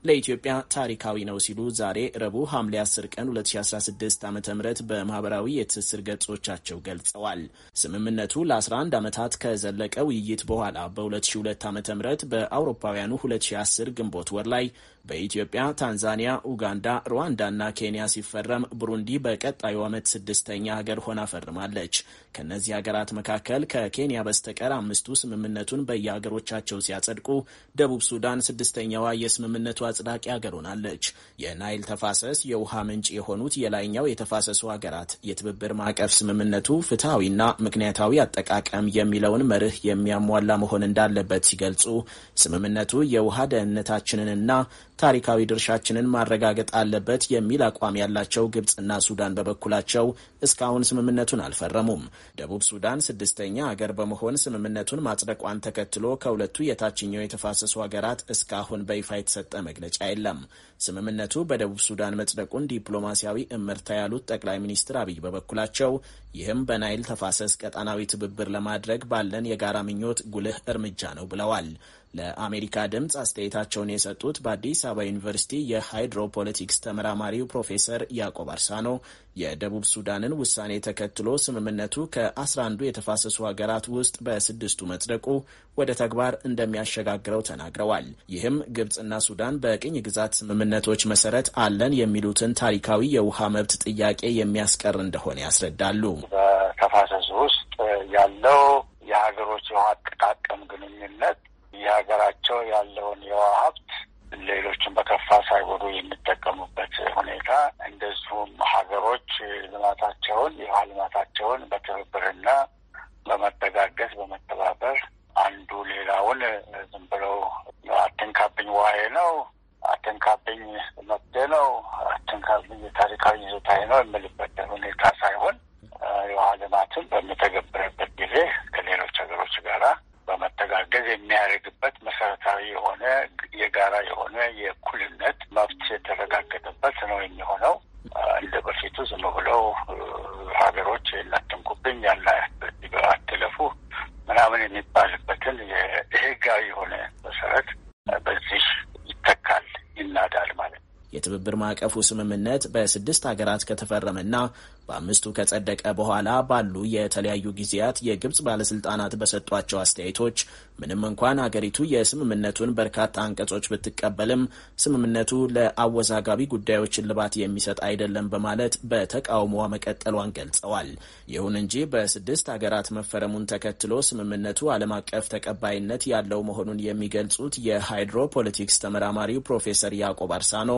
Speaker 10: ለኢትዮጵያ ታሪካዊ ነው ሲሉ ዛሬ ረቡዕ ሐምሌ 10 ቀን 2016 ዓ ም በማህበራዊ የትስስር ገጾቻቸው ገልጸዋል። ስምምነቱ ለ11 ዓመታት ከዘለቀ ውይይት በኋላ በ2002 ዓ ም በአውሮፓውያኑ 2010 ግንቦት ወር ላይ በኢትዮጵያ፣ ታንዛኒያ፣ ኡጋንዳ፣ ሩዋንዳ እና ኬንያ ሲፈረም ቡሩንዲ በቀጣዩ ዓመት ስድስተኛ ሀገር ሆና ፈርማለች። ከእነዚህ ሀገራት መካከል ከኬንያ በስተቀር አምስቱ ስም ስምምነቱን በየሀገሮቻቸው ሲያጸድቁ ደቡብ ሱዳን ስድስተኛዋ የስምምነቱ አጽዳቂ ሀገር ሆናለች። የናይል ተፋሰስ የውሃ ምንጭ የሆኑት የላይኛው የተፋሰሱ ሀገራት የትብብር ማዕቀፍ ስምምነቱ ፍትሐዊና ምክንያታዊ አጠቃቀም የሚለውን መርህ የሚያሟላ መሆን እንዳለበት ሲገልጹ ስምምነቱ የውሃ ደህንነታችንንና ታሪካዊ ድርሻችንን ማረጋገጥ አለበት የሚል አቋም ያላቸው ግብፅና ሱዳን በበኩላቸው እስካሁን ስምምነቱን አልፈረሙም። ደቡብ ሱዳን ስድስተኛ አገር በመሆን ስምምነቱን ማጽ ማጽደቋን ተከትሎ ከሁለቱ የታችኛው የተፋሰሱ ሀገራት እስካሁን በይፋ የተሰጠ መግለጫ የለም። ስምምነቱ በደቡብ ሱዳን መጽደቁን ዲፕሎማሲያዊ እምርታ ያሉት ጠቅላይ ሚኒስትር አብይ በበኩላቸው ይህም በናይል ተፋሰስ ቀጣናዊ ትብብር ለማድረግ ባለን የጋራ ምኞት ጉልህ እርምጃ ነው ብለዋል። ለአሜሪካ ድምፅ አስተያየታቸውን የሰጡት በአዲስ አበባ ዩኒቨርሲቲ የሃይድሮፖለቲክስ ተመራማሪው ፕሮፌሰር ያዕቆብ አርሳኖ የደቡብ ሱዳንን ውሳኔ ተከትሎ ስምምነቱ ከአስራ አንዱ የተፋሰሱ ሀገራት ውስጥ በስድስቱ መጽደቁ ወደ ተግባር እንደሚያሸጋግረው ተናግረዋል። ይህም ግብፅና ሱዳን በቅኝ ግዛት ስምምነቶች መሰረት አለን የሚሉትን ታሪካዊ የውሃ መብት ጥያቄ የሚያስቀር እንደሆነ ያስረዳሉ።
Speaker 6: በተፋሰሱ ውስጥ ያለው የሀገሮች የውሃ አጠቃቀም ግንኙነት የሀገራቸው ያለውን የውሃ ሀብት ሌሎችን በከፋ ሳይጎዱ የሚጠቀሙበት ሁኔታ እንደዚሁም ሀገሮች ልማታቸውን የውሃ ልማታቸውን በትብብርና በመጠጋገዝ በመተባበር አንዱ ሌላውን ዝም ብለው አትንካብኝ ውሃዬ ነው፣ አትንካብኝ መብቴ ነው፣ አትንካብኝ የታሪካዊ ይዞታዬ ነው የምልበት ሁኔታ ሳይሆን የውሃ ልማትን በምተገብርበት ጊዜ ከሌሎች ሀገሮች ጋራ በመተጋገዝ የሚያደርግበት መሰረታዊ የሆነ የጋራ የሆነ የእኩልነት መብት የተረጋገጠበት ነው የሚሆነው።
Speaker 10: የትብብር ማዕቀፉ ስምምነት በስድስት ሀገራት ከተፈረመና በአምስቱ ከጸደቀ በኋላ ባሉ የተለያዩ ጊዜያት የግብፅ ባለስልጣናት በሰጧቸው አስተያየቶች ምንም እንኳን አገሪቱ የስምምነቱን በርካታ አንቀጾች ብትቀበልም ስምምነቱ ለአወዛጋቢ ጉዳዮች እልባት የሚሰጥ አይደለም በማለት በተቃውሞዋ መቀጠሏን ገልጸዋል። ይሁን እንጂ በስድስት ሀገራት መፈረሙን ተከትሎ ስምምነቱ ዓለም አቀፍ ተቀባይነት ያለው መሆኑን የሚገልጹት የሃይድሮ ፖለቲክስ ተመራማሪው ፕሮፌሰር ያዕቆብ አርሳኖ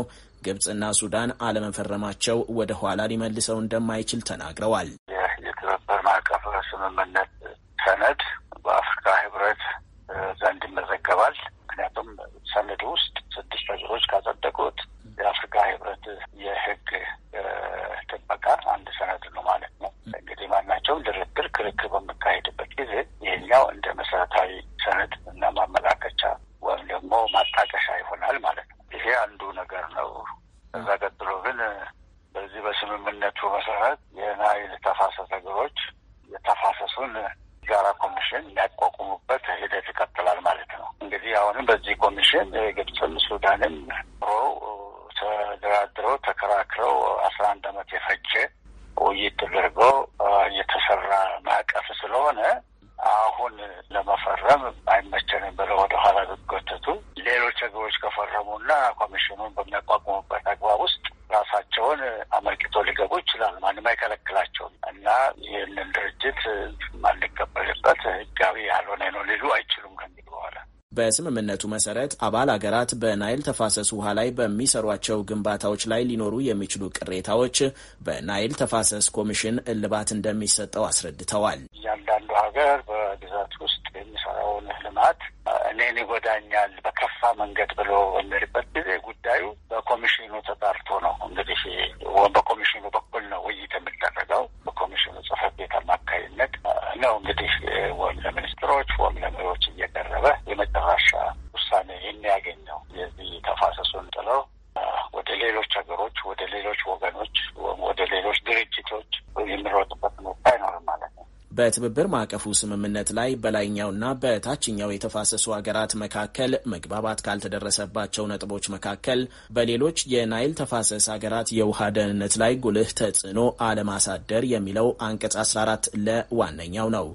Speaker 10: ግብፅና ሱዳን አለመፈረማቸው ወደ ኋላ ሊመልሰው እንደማይችል ተናግረዋል። የትብብር
Speaker 6: ማዕቀፍ ስምምነት ሰነድ በአፍሪካ ህብረት ዘንድ ይመዘገባል። ምክንያቱም ሰነድ ውስጥ ስድስት ሀገሮች ካጸደቁት የአፍሪካ ህብረት የህግ ጥበቃ አንድ ሰነድ ነው ማለት ነው። እንግዲህ ማናቸውም ድርድር፣ ክርክር በሚካሄድበት ጊዜ ይህኛው እንደ መሰረታዊ ሰነድ እና ማመላከቻ ወይም ደግሞ ማጣቀሻ ይሆናል ማለት ነው። ይሄ አንዱ ነገር ነው። እዛ ቀጥሎ ግን በዚህ በስምምነቱ መሰረት የናይል ተፋሰስ ሀገሮች የተፋሰሱን ጋራ ኮሚሽን የሚያቋቁሙበት ሂደት ይቀጥላል ማለት ነው። እንግዲህ አሁንም በዚህ ኮሚሽን ግብፅም ሱዳንም ሮ ተደራድረው ተከራክረው አስራ አንድ አመት የፈጀ ውይይት ተደርጎ የተሰራ ማዕቀፍ ስለሆነ አሁን ለመፈረም አይመቸንም ብለው ወደኋላ ቢጎተቱ ሌሎች ሀገሮች ከፈረሙና ኮሚሽኑን በሚያቋቁሙበት አግባብ ውስጥ ራሳቸውን አመልክቶ ሊገቡ ይችላል። ማንም አይከለክላቸውም እና ይህንን ድርጅት ማንቀበልበት ህጋዊ ያልሆነ ነው ሊሉ አይችሉም ከሚል
Speaker 10: በኋላ በስምምነቱ መሰረት አባል አገራት በናይል ተፋሰስ ውሃ ላይ በሚሰሯቸው ግንባታዎች ላይ ሊኖሩ የሚችሉ ቅሬታዎች በናይል ተፋሰስ ኮሚሽን እልባት እንደሚሰጠው አስረድተዋል። Yeah. para ትብብር ማዕቀፉ ስምምነት ላይ በላይኛውና በታችኛው የተፋሰሱ ሀገራት መካከል መግባባት ካልተደረሰባቸው ነጥቦች መካከል በሌሎች የናይል ተፋሰስ ሀገራት የውሃ ደህንነት ላይ ጉልህ ተጽዕኖ አለማሳደር የሚለው አንቀጽ 14 ለዋነኛው ነው።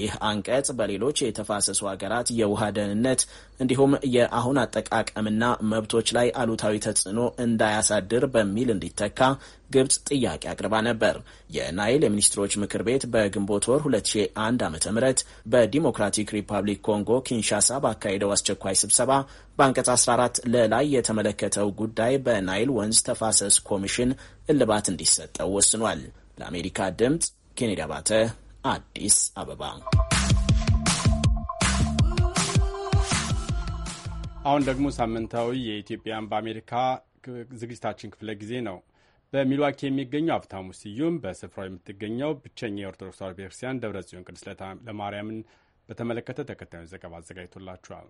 Speaker 10: ይህ አንቀጽ በሌሎች የተፋሰሱ ሀገራት የውሃ ደህንነት እንዲሁም የአሁን አጠቃቀምና መብቶች ላይ አሉታዊ ተጽዕኖ እንዳያሳድር በሚል እንዲተካ ግብጽ ጥያቄ አቅርባ ነበር። የናይል የሚኒስትሮች ምክር ቤት በግንቦት ወር 2001 ዓ ም በዲሞክራቲክ ሪፐብሊክ ኮንጎ ኪንሻሳ ባካሄደው አስቸኳይ ስብሰባ በአንቀጽ 14 ለላይ የተመለከተው ጉዳይ በናይል ወንዝ ተፋሰስ ኮሚሽን እልባት እንዲሰጠው ወስኗል። ለአሜሪካ ድምፅ ኬኔዲ አባተ አዲስ አበባ
Speaker 1: አሁን ደግሞ ሳምንታዊ የኢትዮጵያን በአሜሪካ ዝግጅታችን ክፍለ ጊዜ ነው። በሚልዋኪ የሚገኘው ሀብታሙ ስዩም በስፍራው የምትገኘው ብቸኛ የኦርቶዶክስ ተዋሕዶ ቤተክርስቲያን ደብረ ጽዮን ቅዱስ ለማርያምን በተመለከተ ተከታዩን ዘገባ አዘጋጅቶላችኋል።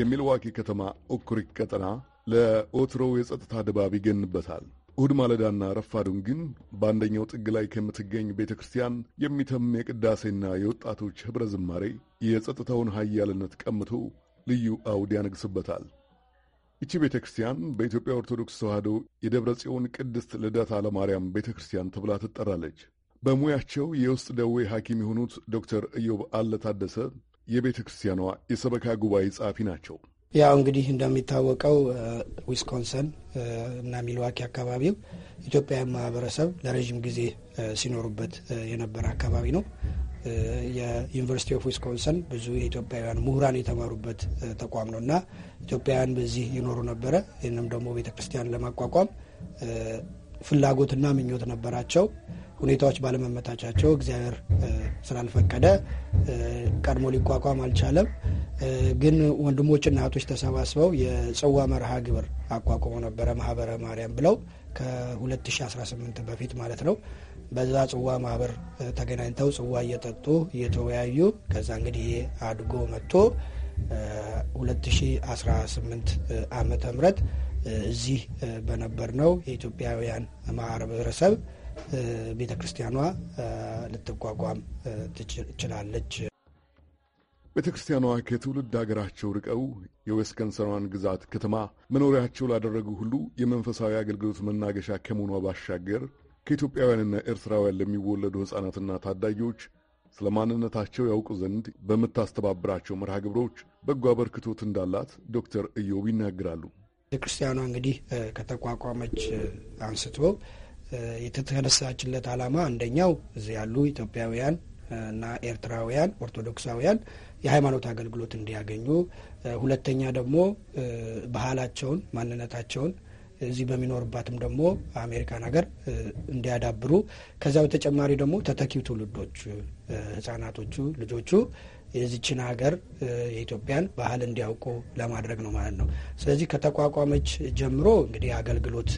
Speaker 13: የሚልዋኪ ከተማ እኩሪክ ቀጠና ለኦትሮው የጸጥታ ድባብ ይገንበታል። እሁድ ማለዳና ረፋዱን ግን በአንደኛው ጥግ ላይ ከምትገኝ ቤተ ክርስቲያን የሚተም የቅዳሴና የወጣቶች ኅብረ ዝማሬ የጸጥታውን ኃያልነት ቀምቶ ልዩ አውድ ያነግስበታል። ይቺ ቤተ ክርስቲያን በኢትዮጵያ ኦርቶዶክስ ተዋሕዶ የደብረ ጽዮን ቅድስት ልደታ ለማርያም ቤተ ክርስቲያን ተብላ ትጠራለች። በሙያቸው የውስጥ ደዌ ሐኪም የሆኑት ዶክተር ኢዮብ አለ ታደሰ የቤተ ክርስቲያኗ የሰበካ ጉባኤ ጸሐፊ ናቸው።
Speaker 4: ያው እንግዲህ እንደሚታወቀው ዊስኮንሰን እና ሚልዋኪ አካባቢው ኢትዮጵያውያን ማህበረሰብ ለረዥም ጊዜ ሲኖሩበት የነበረ አካባቢ ነው። የዩኒቨርሲቲ ኦፍ ዊስኮንሰን ብዙ የኢትዮጵያውያን ምሁራን የተማሩበት ተቋም ነው እና ኢትዮጵያውያን በዚህ ይኖሩ ነበረ። ይህንም ደግሞ ቤተክርስቲያን ለማቋቋም ፍላጎትና ምኞት ነበራቸው። ሁኔታዎች ባለመመታቻቸው እግዚአብሔር ስላልፈቀደ ቀድሞ ሊቋቋም አልቻለም። ግን ወንድሞችና እህቶች ተሰባስበው የጽዋ መርሃ ግብር አቋቁሞ ነበረ ማህበረ ማርያም ብለው ከ2018 በፊት ማለት ነው። በዛ ጽዋ ማህበር ተገናኝተው ጽዋ እየጠጡ እየተወያዩ ከዛ እንግዲህ ይሄ አድጎ መጥቶ 2018 ዓመተ ምህረት እዚህ በነበር ነው የኢትዮጵያውያን ማህበረሰብ ቤተ ክርስቲያኗ ልትቋቋም ትችላለች።
Speaker 13: ቤተ ክርስቲያኗ ከትውልድ አገራቸው ርቀው የዌስከንሰኗን ግዛት ከተማ መኖሪያቸው ላደረጉ ሁሉ የመንፈሳዊ አገልግሎት መናገሻ ከመሆኗ ባሻገር ከኢትዮጵያውያንና ኤርትራውያን ለሚወለዱ ሕፃናትና ታዳጊዎች ስለ ማንነታቸው ያውቁ ዘንድ በምታስተባብራቸው መርሃ ግብሮች በጎ አበርክቶት እንዳላት ዶክተር እዮብ ይናገራሉ።
Speaker 4: ቤተክርስቲያኗ እንግዲህ ከተቋቋመች አንስቶ የተነሳችለት ዓላማ አንደኛው እዚህ ያሉ ኢትዮጵያውያን እና ኤርትራውያን ኦርቶዶክሳውያን የሃይማኖት አገልግሎት እንዲያገኙ፣ ሁለተኛ ደግሞ ባህላቸውን ማንነታቸውን እዚህ በሚኖርባትም ደግሞ አሜሪካን ሀገር እንዲያዳብሩ ከዚያ በተጨማሪ ደግሞ ተተኪው ትውልዶች ህጻናቶቹ ልጆቹ የዚችን ሀገር የኢትዮጵያን ባህል እንዲያውቁ ለማድረግ ነው ማለት ነው። ስለዚህ ከተቋቋመች ጀምሮ እንግዲህ አገልግሎት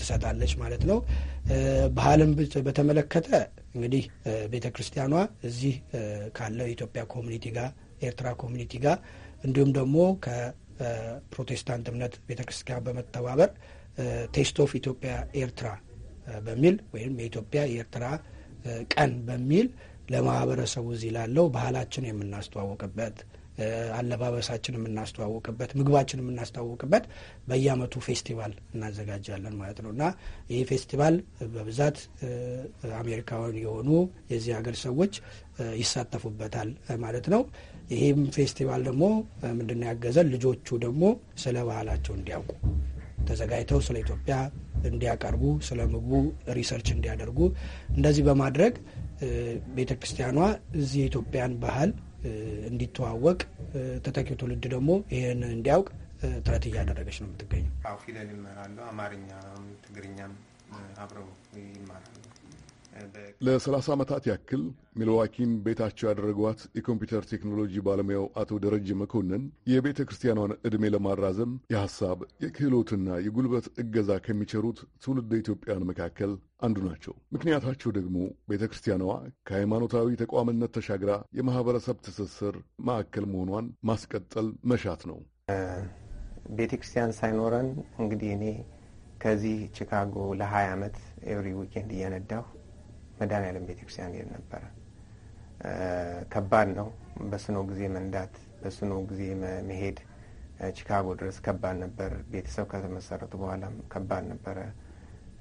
Speaker 4: ትሰጣለች ማለት ነው። ባህልን በተመለከተ እንግዲህ ቤተ ክርስቲያኗ እዚህ ካለው የኢትዮጵያ ኮሚኒቲ ጋር ኤርትራ ኮሚኒቲ ጋር እንዲሁም ደግሞ ከፕሮቴስታንት እምነት ቤተ ክርስቲያን በመተባበር ቴስት ኦፍ ኢትዮጵያ ኤርትራ በሚል ወይም የኢትዮጵያ የኤርትራ ቀን በሚል ለማህበረሰቡ እዚህ ላለው ባህላችን የምናስተዋወቅበት አለባበሳችን የምናስተዋወቅበት ምግባችን የምናስተዋወቅበት በየአመቱ ፌስቲቫል እናዘጋጃለን ማለት ነው እና ይህ ፌስቲቫል በብዛት አሜሪካውያን የሆኑ የዚህ ሀገር ሰዎች ይሳተፉበታል ማለት ነው። ይህም ፌስቲቫል ደግሞ ምንድነው ያገዘን ልጆቹ ደግሞ ስለ ባህላቸው እንዲያውቁ ተዘጋጅተው ስለ ኢትዮጵያ እንዲያቀርቡ ስለ ምግቡ ሪሰርች እንዲያደርጉ እንደዚህ በማድረግ ቤተ ክርስቲያኗ እዚህ የኢትዮጵያን ባህል እንዲተዋወቅ ተተኪው ትውልድ ደግሞ ይህን እንዲያውቅ
Speaker 15: ጥረት እያደረገች ነው የምትገኘው። ፊደል ይመራሉ። አማርኛም ትግርኛም አብረው ይማራሉ።
Speaker 13: ለሰላሳ ዓመታት ያክል ሚልዋኪን ቤታቸው ያደረጓት የኮምፒውተር ቴክኖሎጂ ባለሙያው አቶ ደረጀ መኮንን የቤተ ክርስቲያኗን ዕድሜ ለማራዘም የሐሳብ የክህሎትና የጉልበት እገዛ ከሚቸሩት ትውልደ ኢትዮጵያን መካከል አንዱ ናቸው። ምክንያታቸው ደግሞ ቤተ ክርስቲያኗ ከሃይማኖታዊ ተቋምነት ተሻግራ የማኅበረሰብ ትስስር ማዕከል መሆኗን ማስቀጠል መሻት ነው።
Speaker 15: ቤተ ክርስቲያን ሳይኖረን እንግዲህ እኔ ከዚህ ቺካጎ ለ20 ዓመት ኤቭሪ ዊኬንድ እየነዳሁ መድኃኔዓለም ቤተክርስቲያን ሄድ ነበረ። ከባድ ነው። በስኖ ጊዜ መንዳት፣ በስኖ ጊዜ መሄድ ቺካጎ ድረስ ከባድ ነበር። ቤተሰብ ከተመሰረቱ በኋላም ከባድ ነበረ።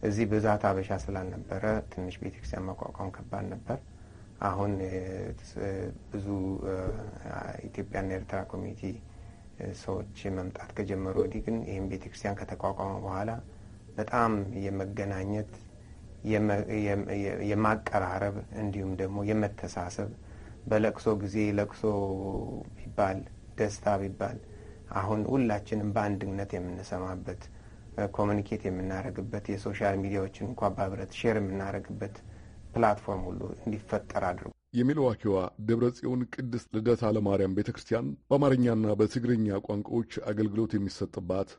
Speaker 15: እዚህ ብዛት አበሻ ስላልነበረ ትንሽ ቤተክርስቲያን ማቋቋም ከባድ ነበር። አሁን ብዙ ኢትዮጵያና ኤርትራ ኮሚኒቲ ሰዎች መምጣት ከጀመሩ ወዲህ ግን ይህም ቤተክርስቲያን ከተቋቋመ በኋላ በጣም የመገናኘት የማቀራረብ እንዲሁም ደግሞ የመተሳሰብ በለቅሶ ጊዜ ለቅሶ ቢባል ደስታ ቢባል አሁን ሁላችንም በአንድነት የምንሰማበት ኮሚኒኬት የምናደርግበት የሶሻል ሚዲያዎችን እንኳ በህብረት
Speaker 13: ሼር የምናደርግበት ፕላትፎርም ሁሉ እንዲፈጠር አድርጉ። የሚልዋኪዋ ደብረ ጽዮን ቅድስት ልደታ ለማርያም ቤተ ክርስቲያን በአማርኛና በትግርኛ ቋንቋዎች አገልግሎት የሚሰጥባት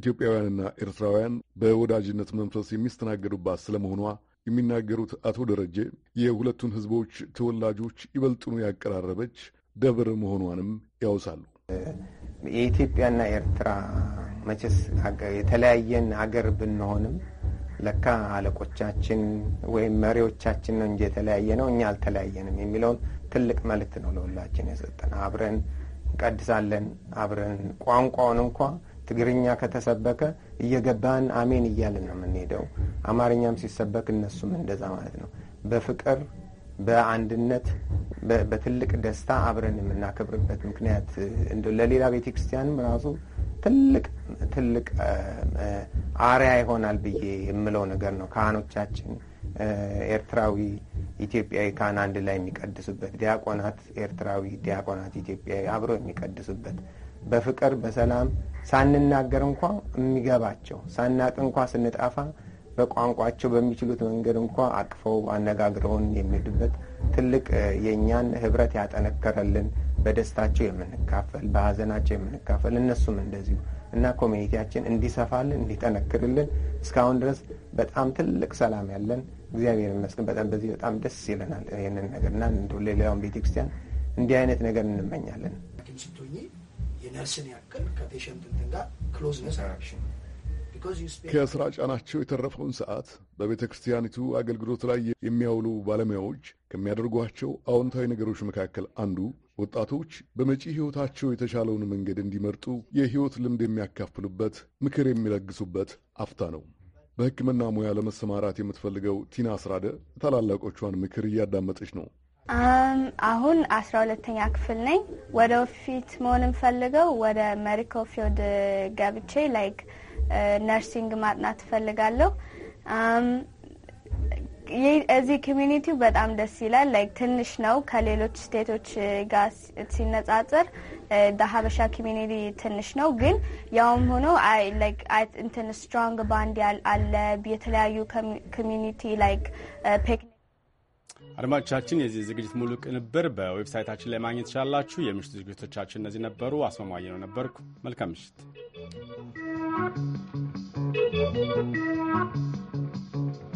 Speaker 13: ኢትዮጵያውያንና ኤርትራውያን በወዳጅነት መንፈስ የሚስተናገዱባት ስለመሆኗ የሚናገሩት አቶ ደረጀ የሁለቱን ሕዝቦች ተወላጆች ይበልጥኑ ያቀራረበች ደብር መሆኗንም ያውሳሉ። የኢትዮጵያና ኤርትራ
Speaker 15: መቼስ የተለያየን አገር ብንሆንም ለካ አለቆቻችን ወይም መሪዎቻችን ነው እንጂ የተለያየ ነው፣ እኛ አልተለያየንም የሚለውን ትልቅ መልእክት ነው ለሁላችን የሰጠን። አብረን እንቀድሳለን፣ አብረን ቋንቋውን እንኳ ትግርኛ ከተሰበከ እየገባን አሜን እያልን ነው የምንሄደው። አማርኛም ሲሰበክ እነሱም እንደዛ ማለት ነው። በፍቅር በአንድነት በትልቅ ደስታ አብረን የምናከብርበት ምክንያት ለሌላ ቤተ ክርስቲያንም ራሱ ትልቅ ትልቅ አሪያ ይሆናል ብዬ የምለው ነገር ነው። ካህኖቻችን ኤርትራዊ፣ ኢትዮጵያዊ ካህን አንድ ላይ የሚቀድሱበት፣ ዲያቆናት ኤርትራዊ፣ ዲያቆናት ኢትዮጵያዊ አብረው የሚቀድሱበት በፍቅር በሰላም ሳንናገር እንኳ የሚገባቸው ሳናቅ እንኳ ስንጣፋ በቋንቋቸው በሚችሉት መንገድ እንኳ አቅፈው አነጋግረውን የሚሄዱበት ትልቅ የእኛን ህብረት ያጠነከረልን በደስታቸው የምንካፈል በሀዘናቸው የምንካፈል እነሱም እንደዚሁ እና ኮሚኒቲያችን እንዲሰፋልን እንዲጠነክርልን እስካሁን ድረስ በጣም ትልቅ ሰላም ያለን እግዚአብሔር ይመስገን። በጣም በዚህ በጣም ደስ ይለናል ይህንን ነገርና ሌላውን ቤተክርስቲያን
Speaker 13: እንዲህ አይነት ነገር እንመኛለን።
Speaker 4: የነርስን ያክል ከፔሽንት እንትን ጋር
Speaker 2: ክሎዝነስ አክሽን
Speaker 4: ከስራ
Speaker 13: ጫናቸው የተረፈውን ሰዓት በቤተ ክርስቲያኒቱ አገልግሎት ላይ የሚያውሉ ባለሙያዎች ከሚያደርጓቸው አዎንታዊ ነገሮች መካከል አንዱ ወጣቶች በመጪ ሕይወታቸው የተሻለውን መንገድ እንዲመርጡ የሕይወት ልምድ የሚያካፍሉበት፣ ምክር የሚለግሱበት አፍታ ነው። በሕክምና ሙያ ለመሰማራት የምትፈልገው ቲና አስራደ ታላላቆቿን ምክር እያዳመጠች ነው።
Speaker 15: Um, አሁን አስራ ሁለተኛ ክፍል ነኝ። ወደ መሆን የምፈልገው ወደ ሜዲካል ፊልድ uh, ገብቼ ላይክ ነርሲንግ uh, ማጥናት እፈልጋለሁ። um, እዚህ ኮሚኒቲው በጣም ደስ ይላል። ላይክ ትንሽ ነው ከሌሎች ስቴቶች uh, ጋር ሲነጻጸር ሀበሻ ኮሚኒቲ ትንሽ ነው፣ ግን ያውም ሆኖ እንትን ስትሮንግ ባንድ አለ የተለያዩ ኮሚኒቲ ላይክ
Speaker 1: አድማጮቻችን የዚህ ዝግጅት ሙሉ ቅንብር በዌብሳይታችን ላይ ማግኘት ትችላላችሁ። የምሽቱ ዝግጅቶቻችን እነዚህ ነበሩ። አስማማኝ ነው ነበርኩ። መልካም ምሽት።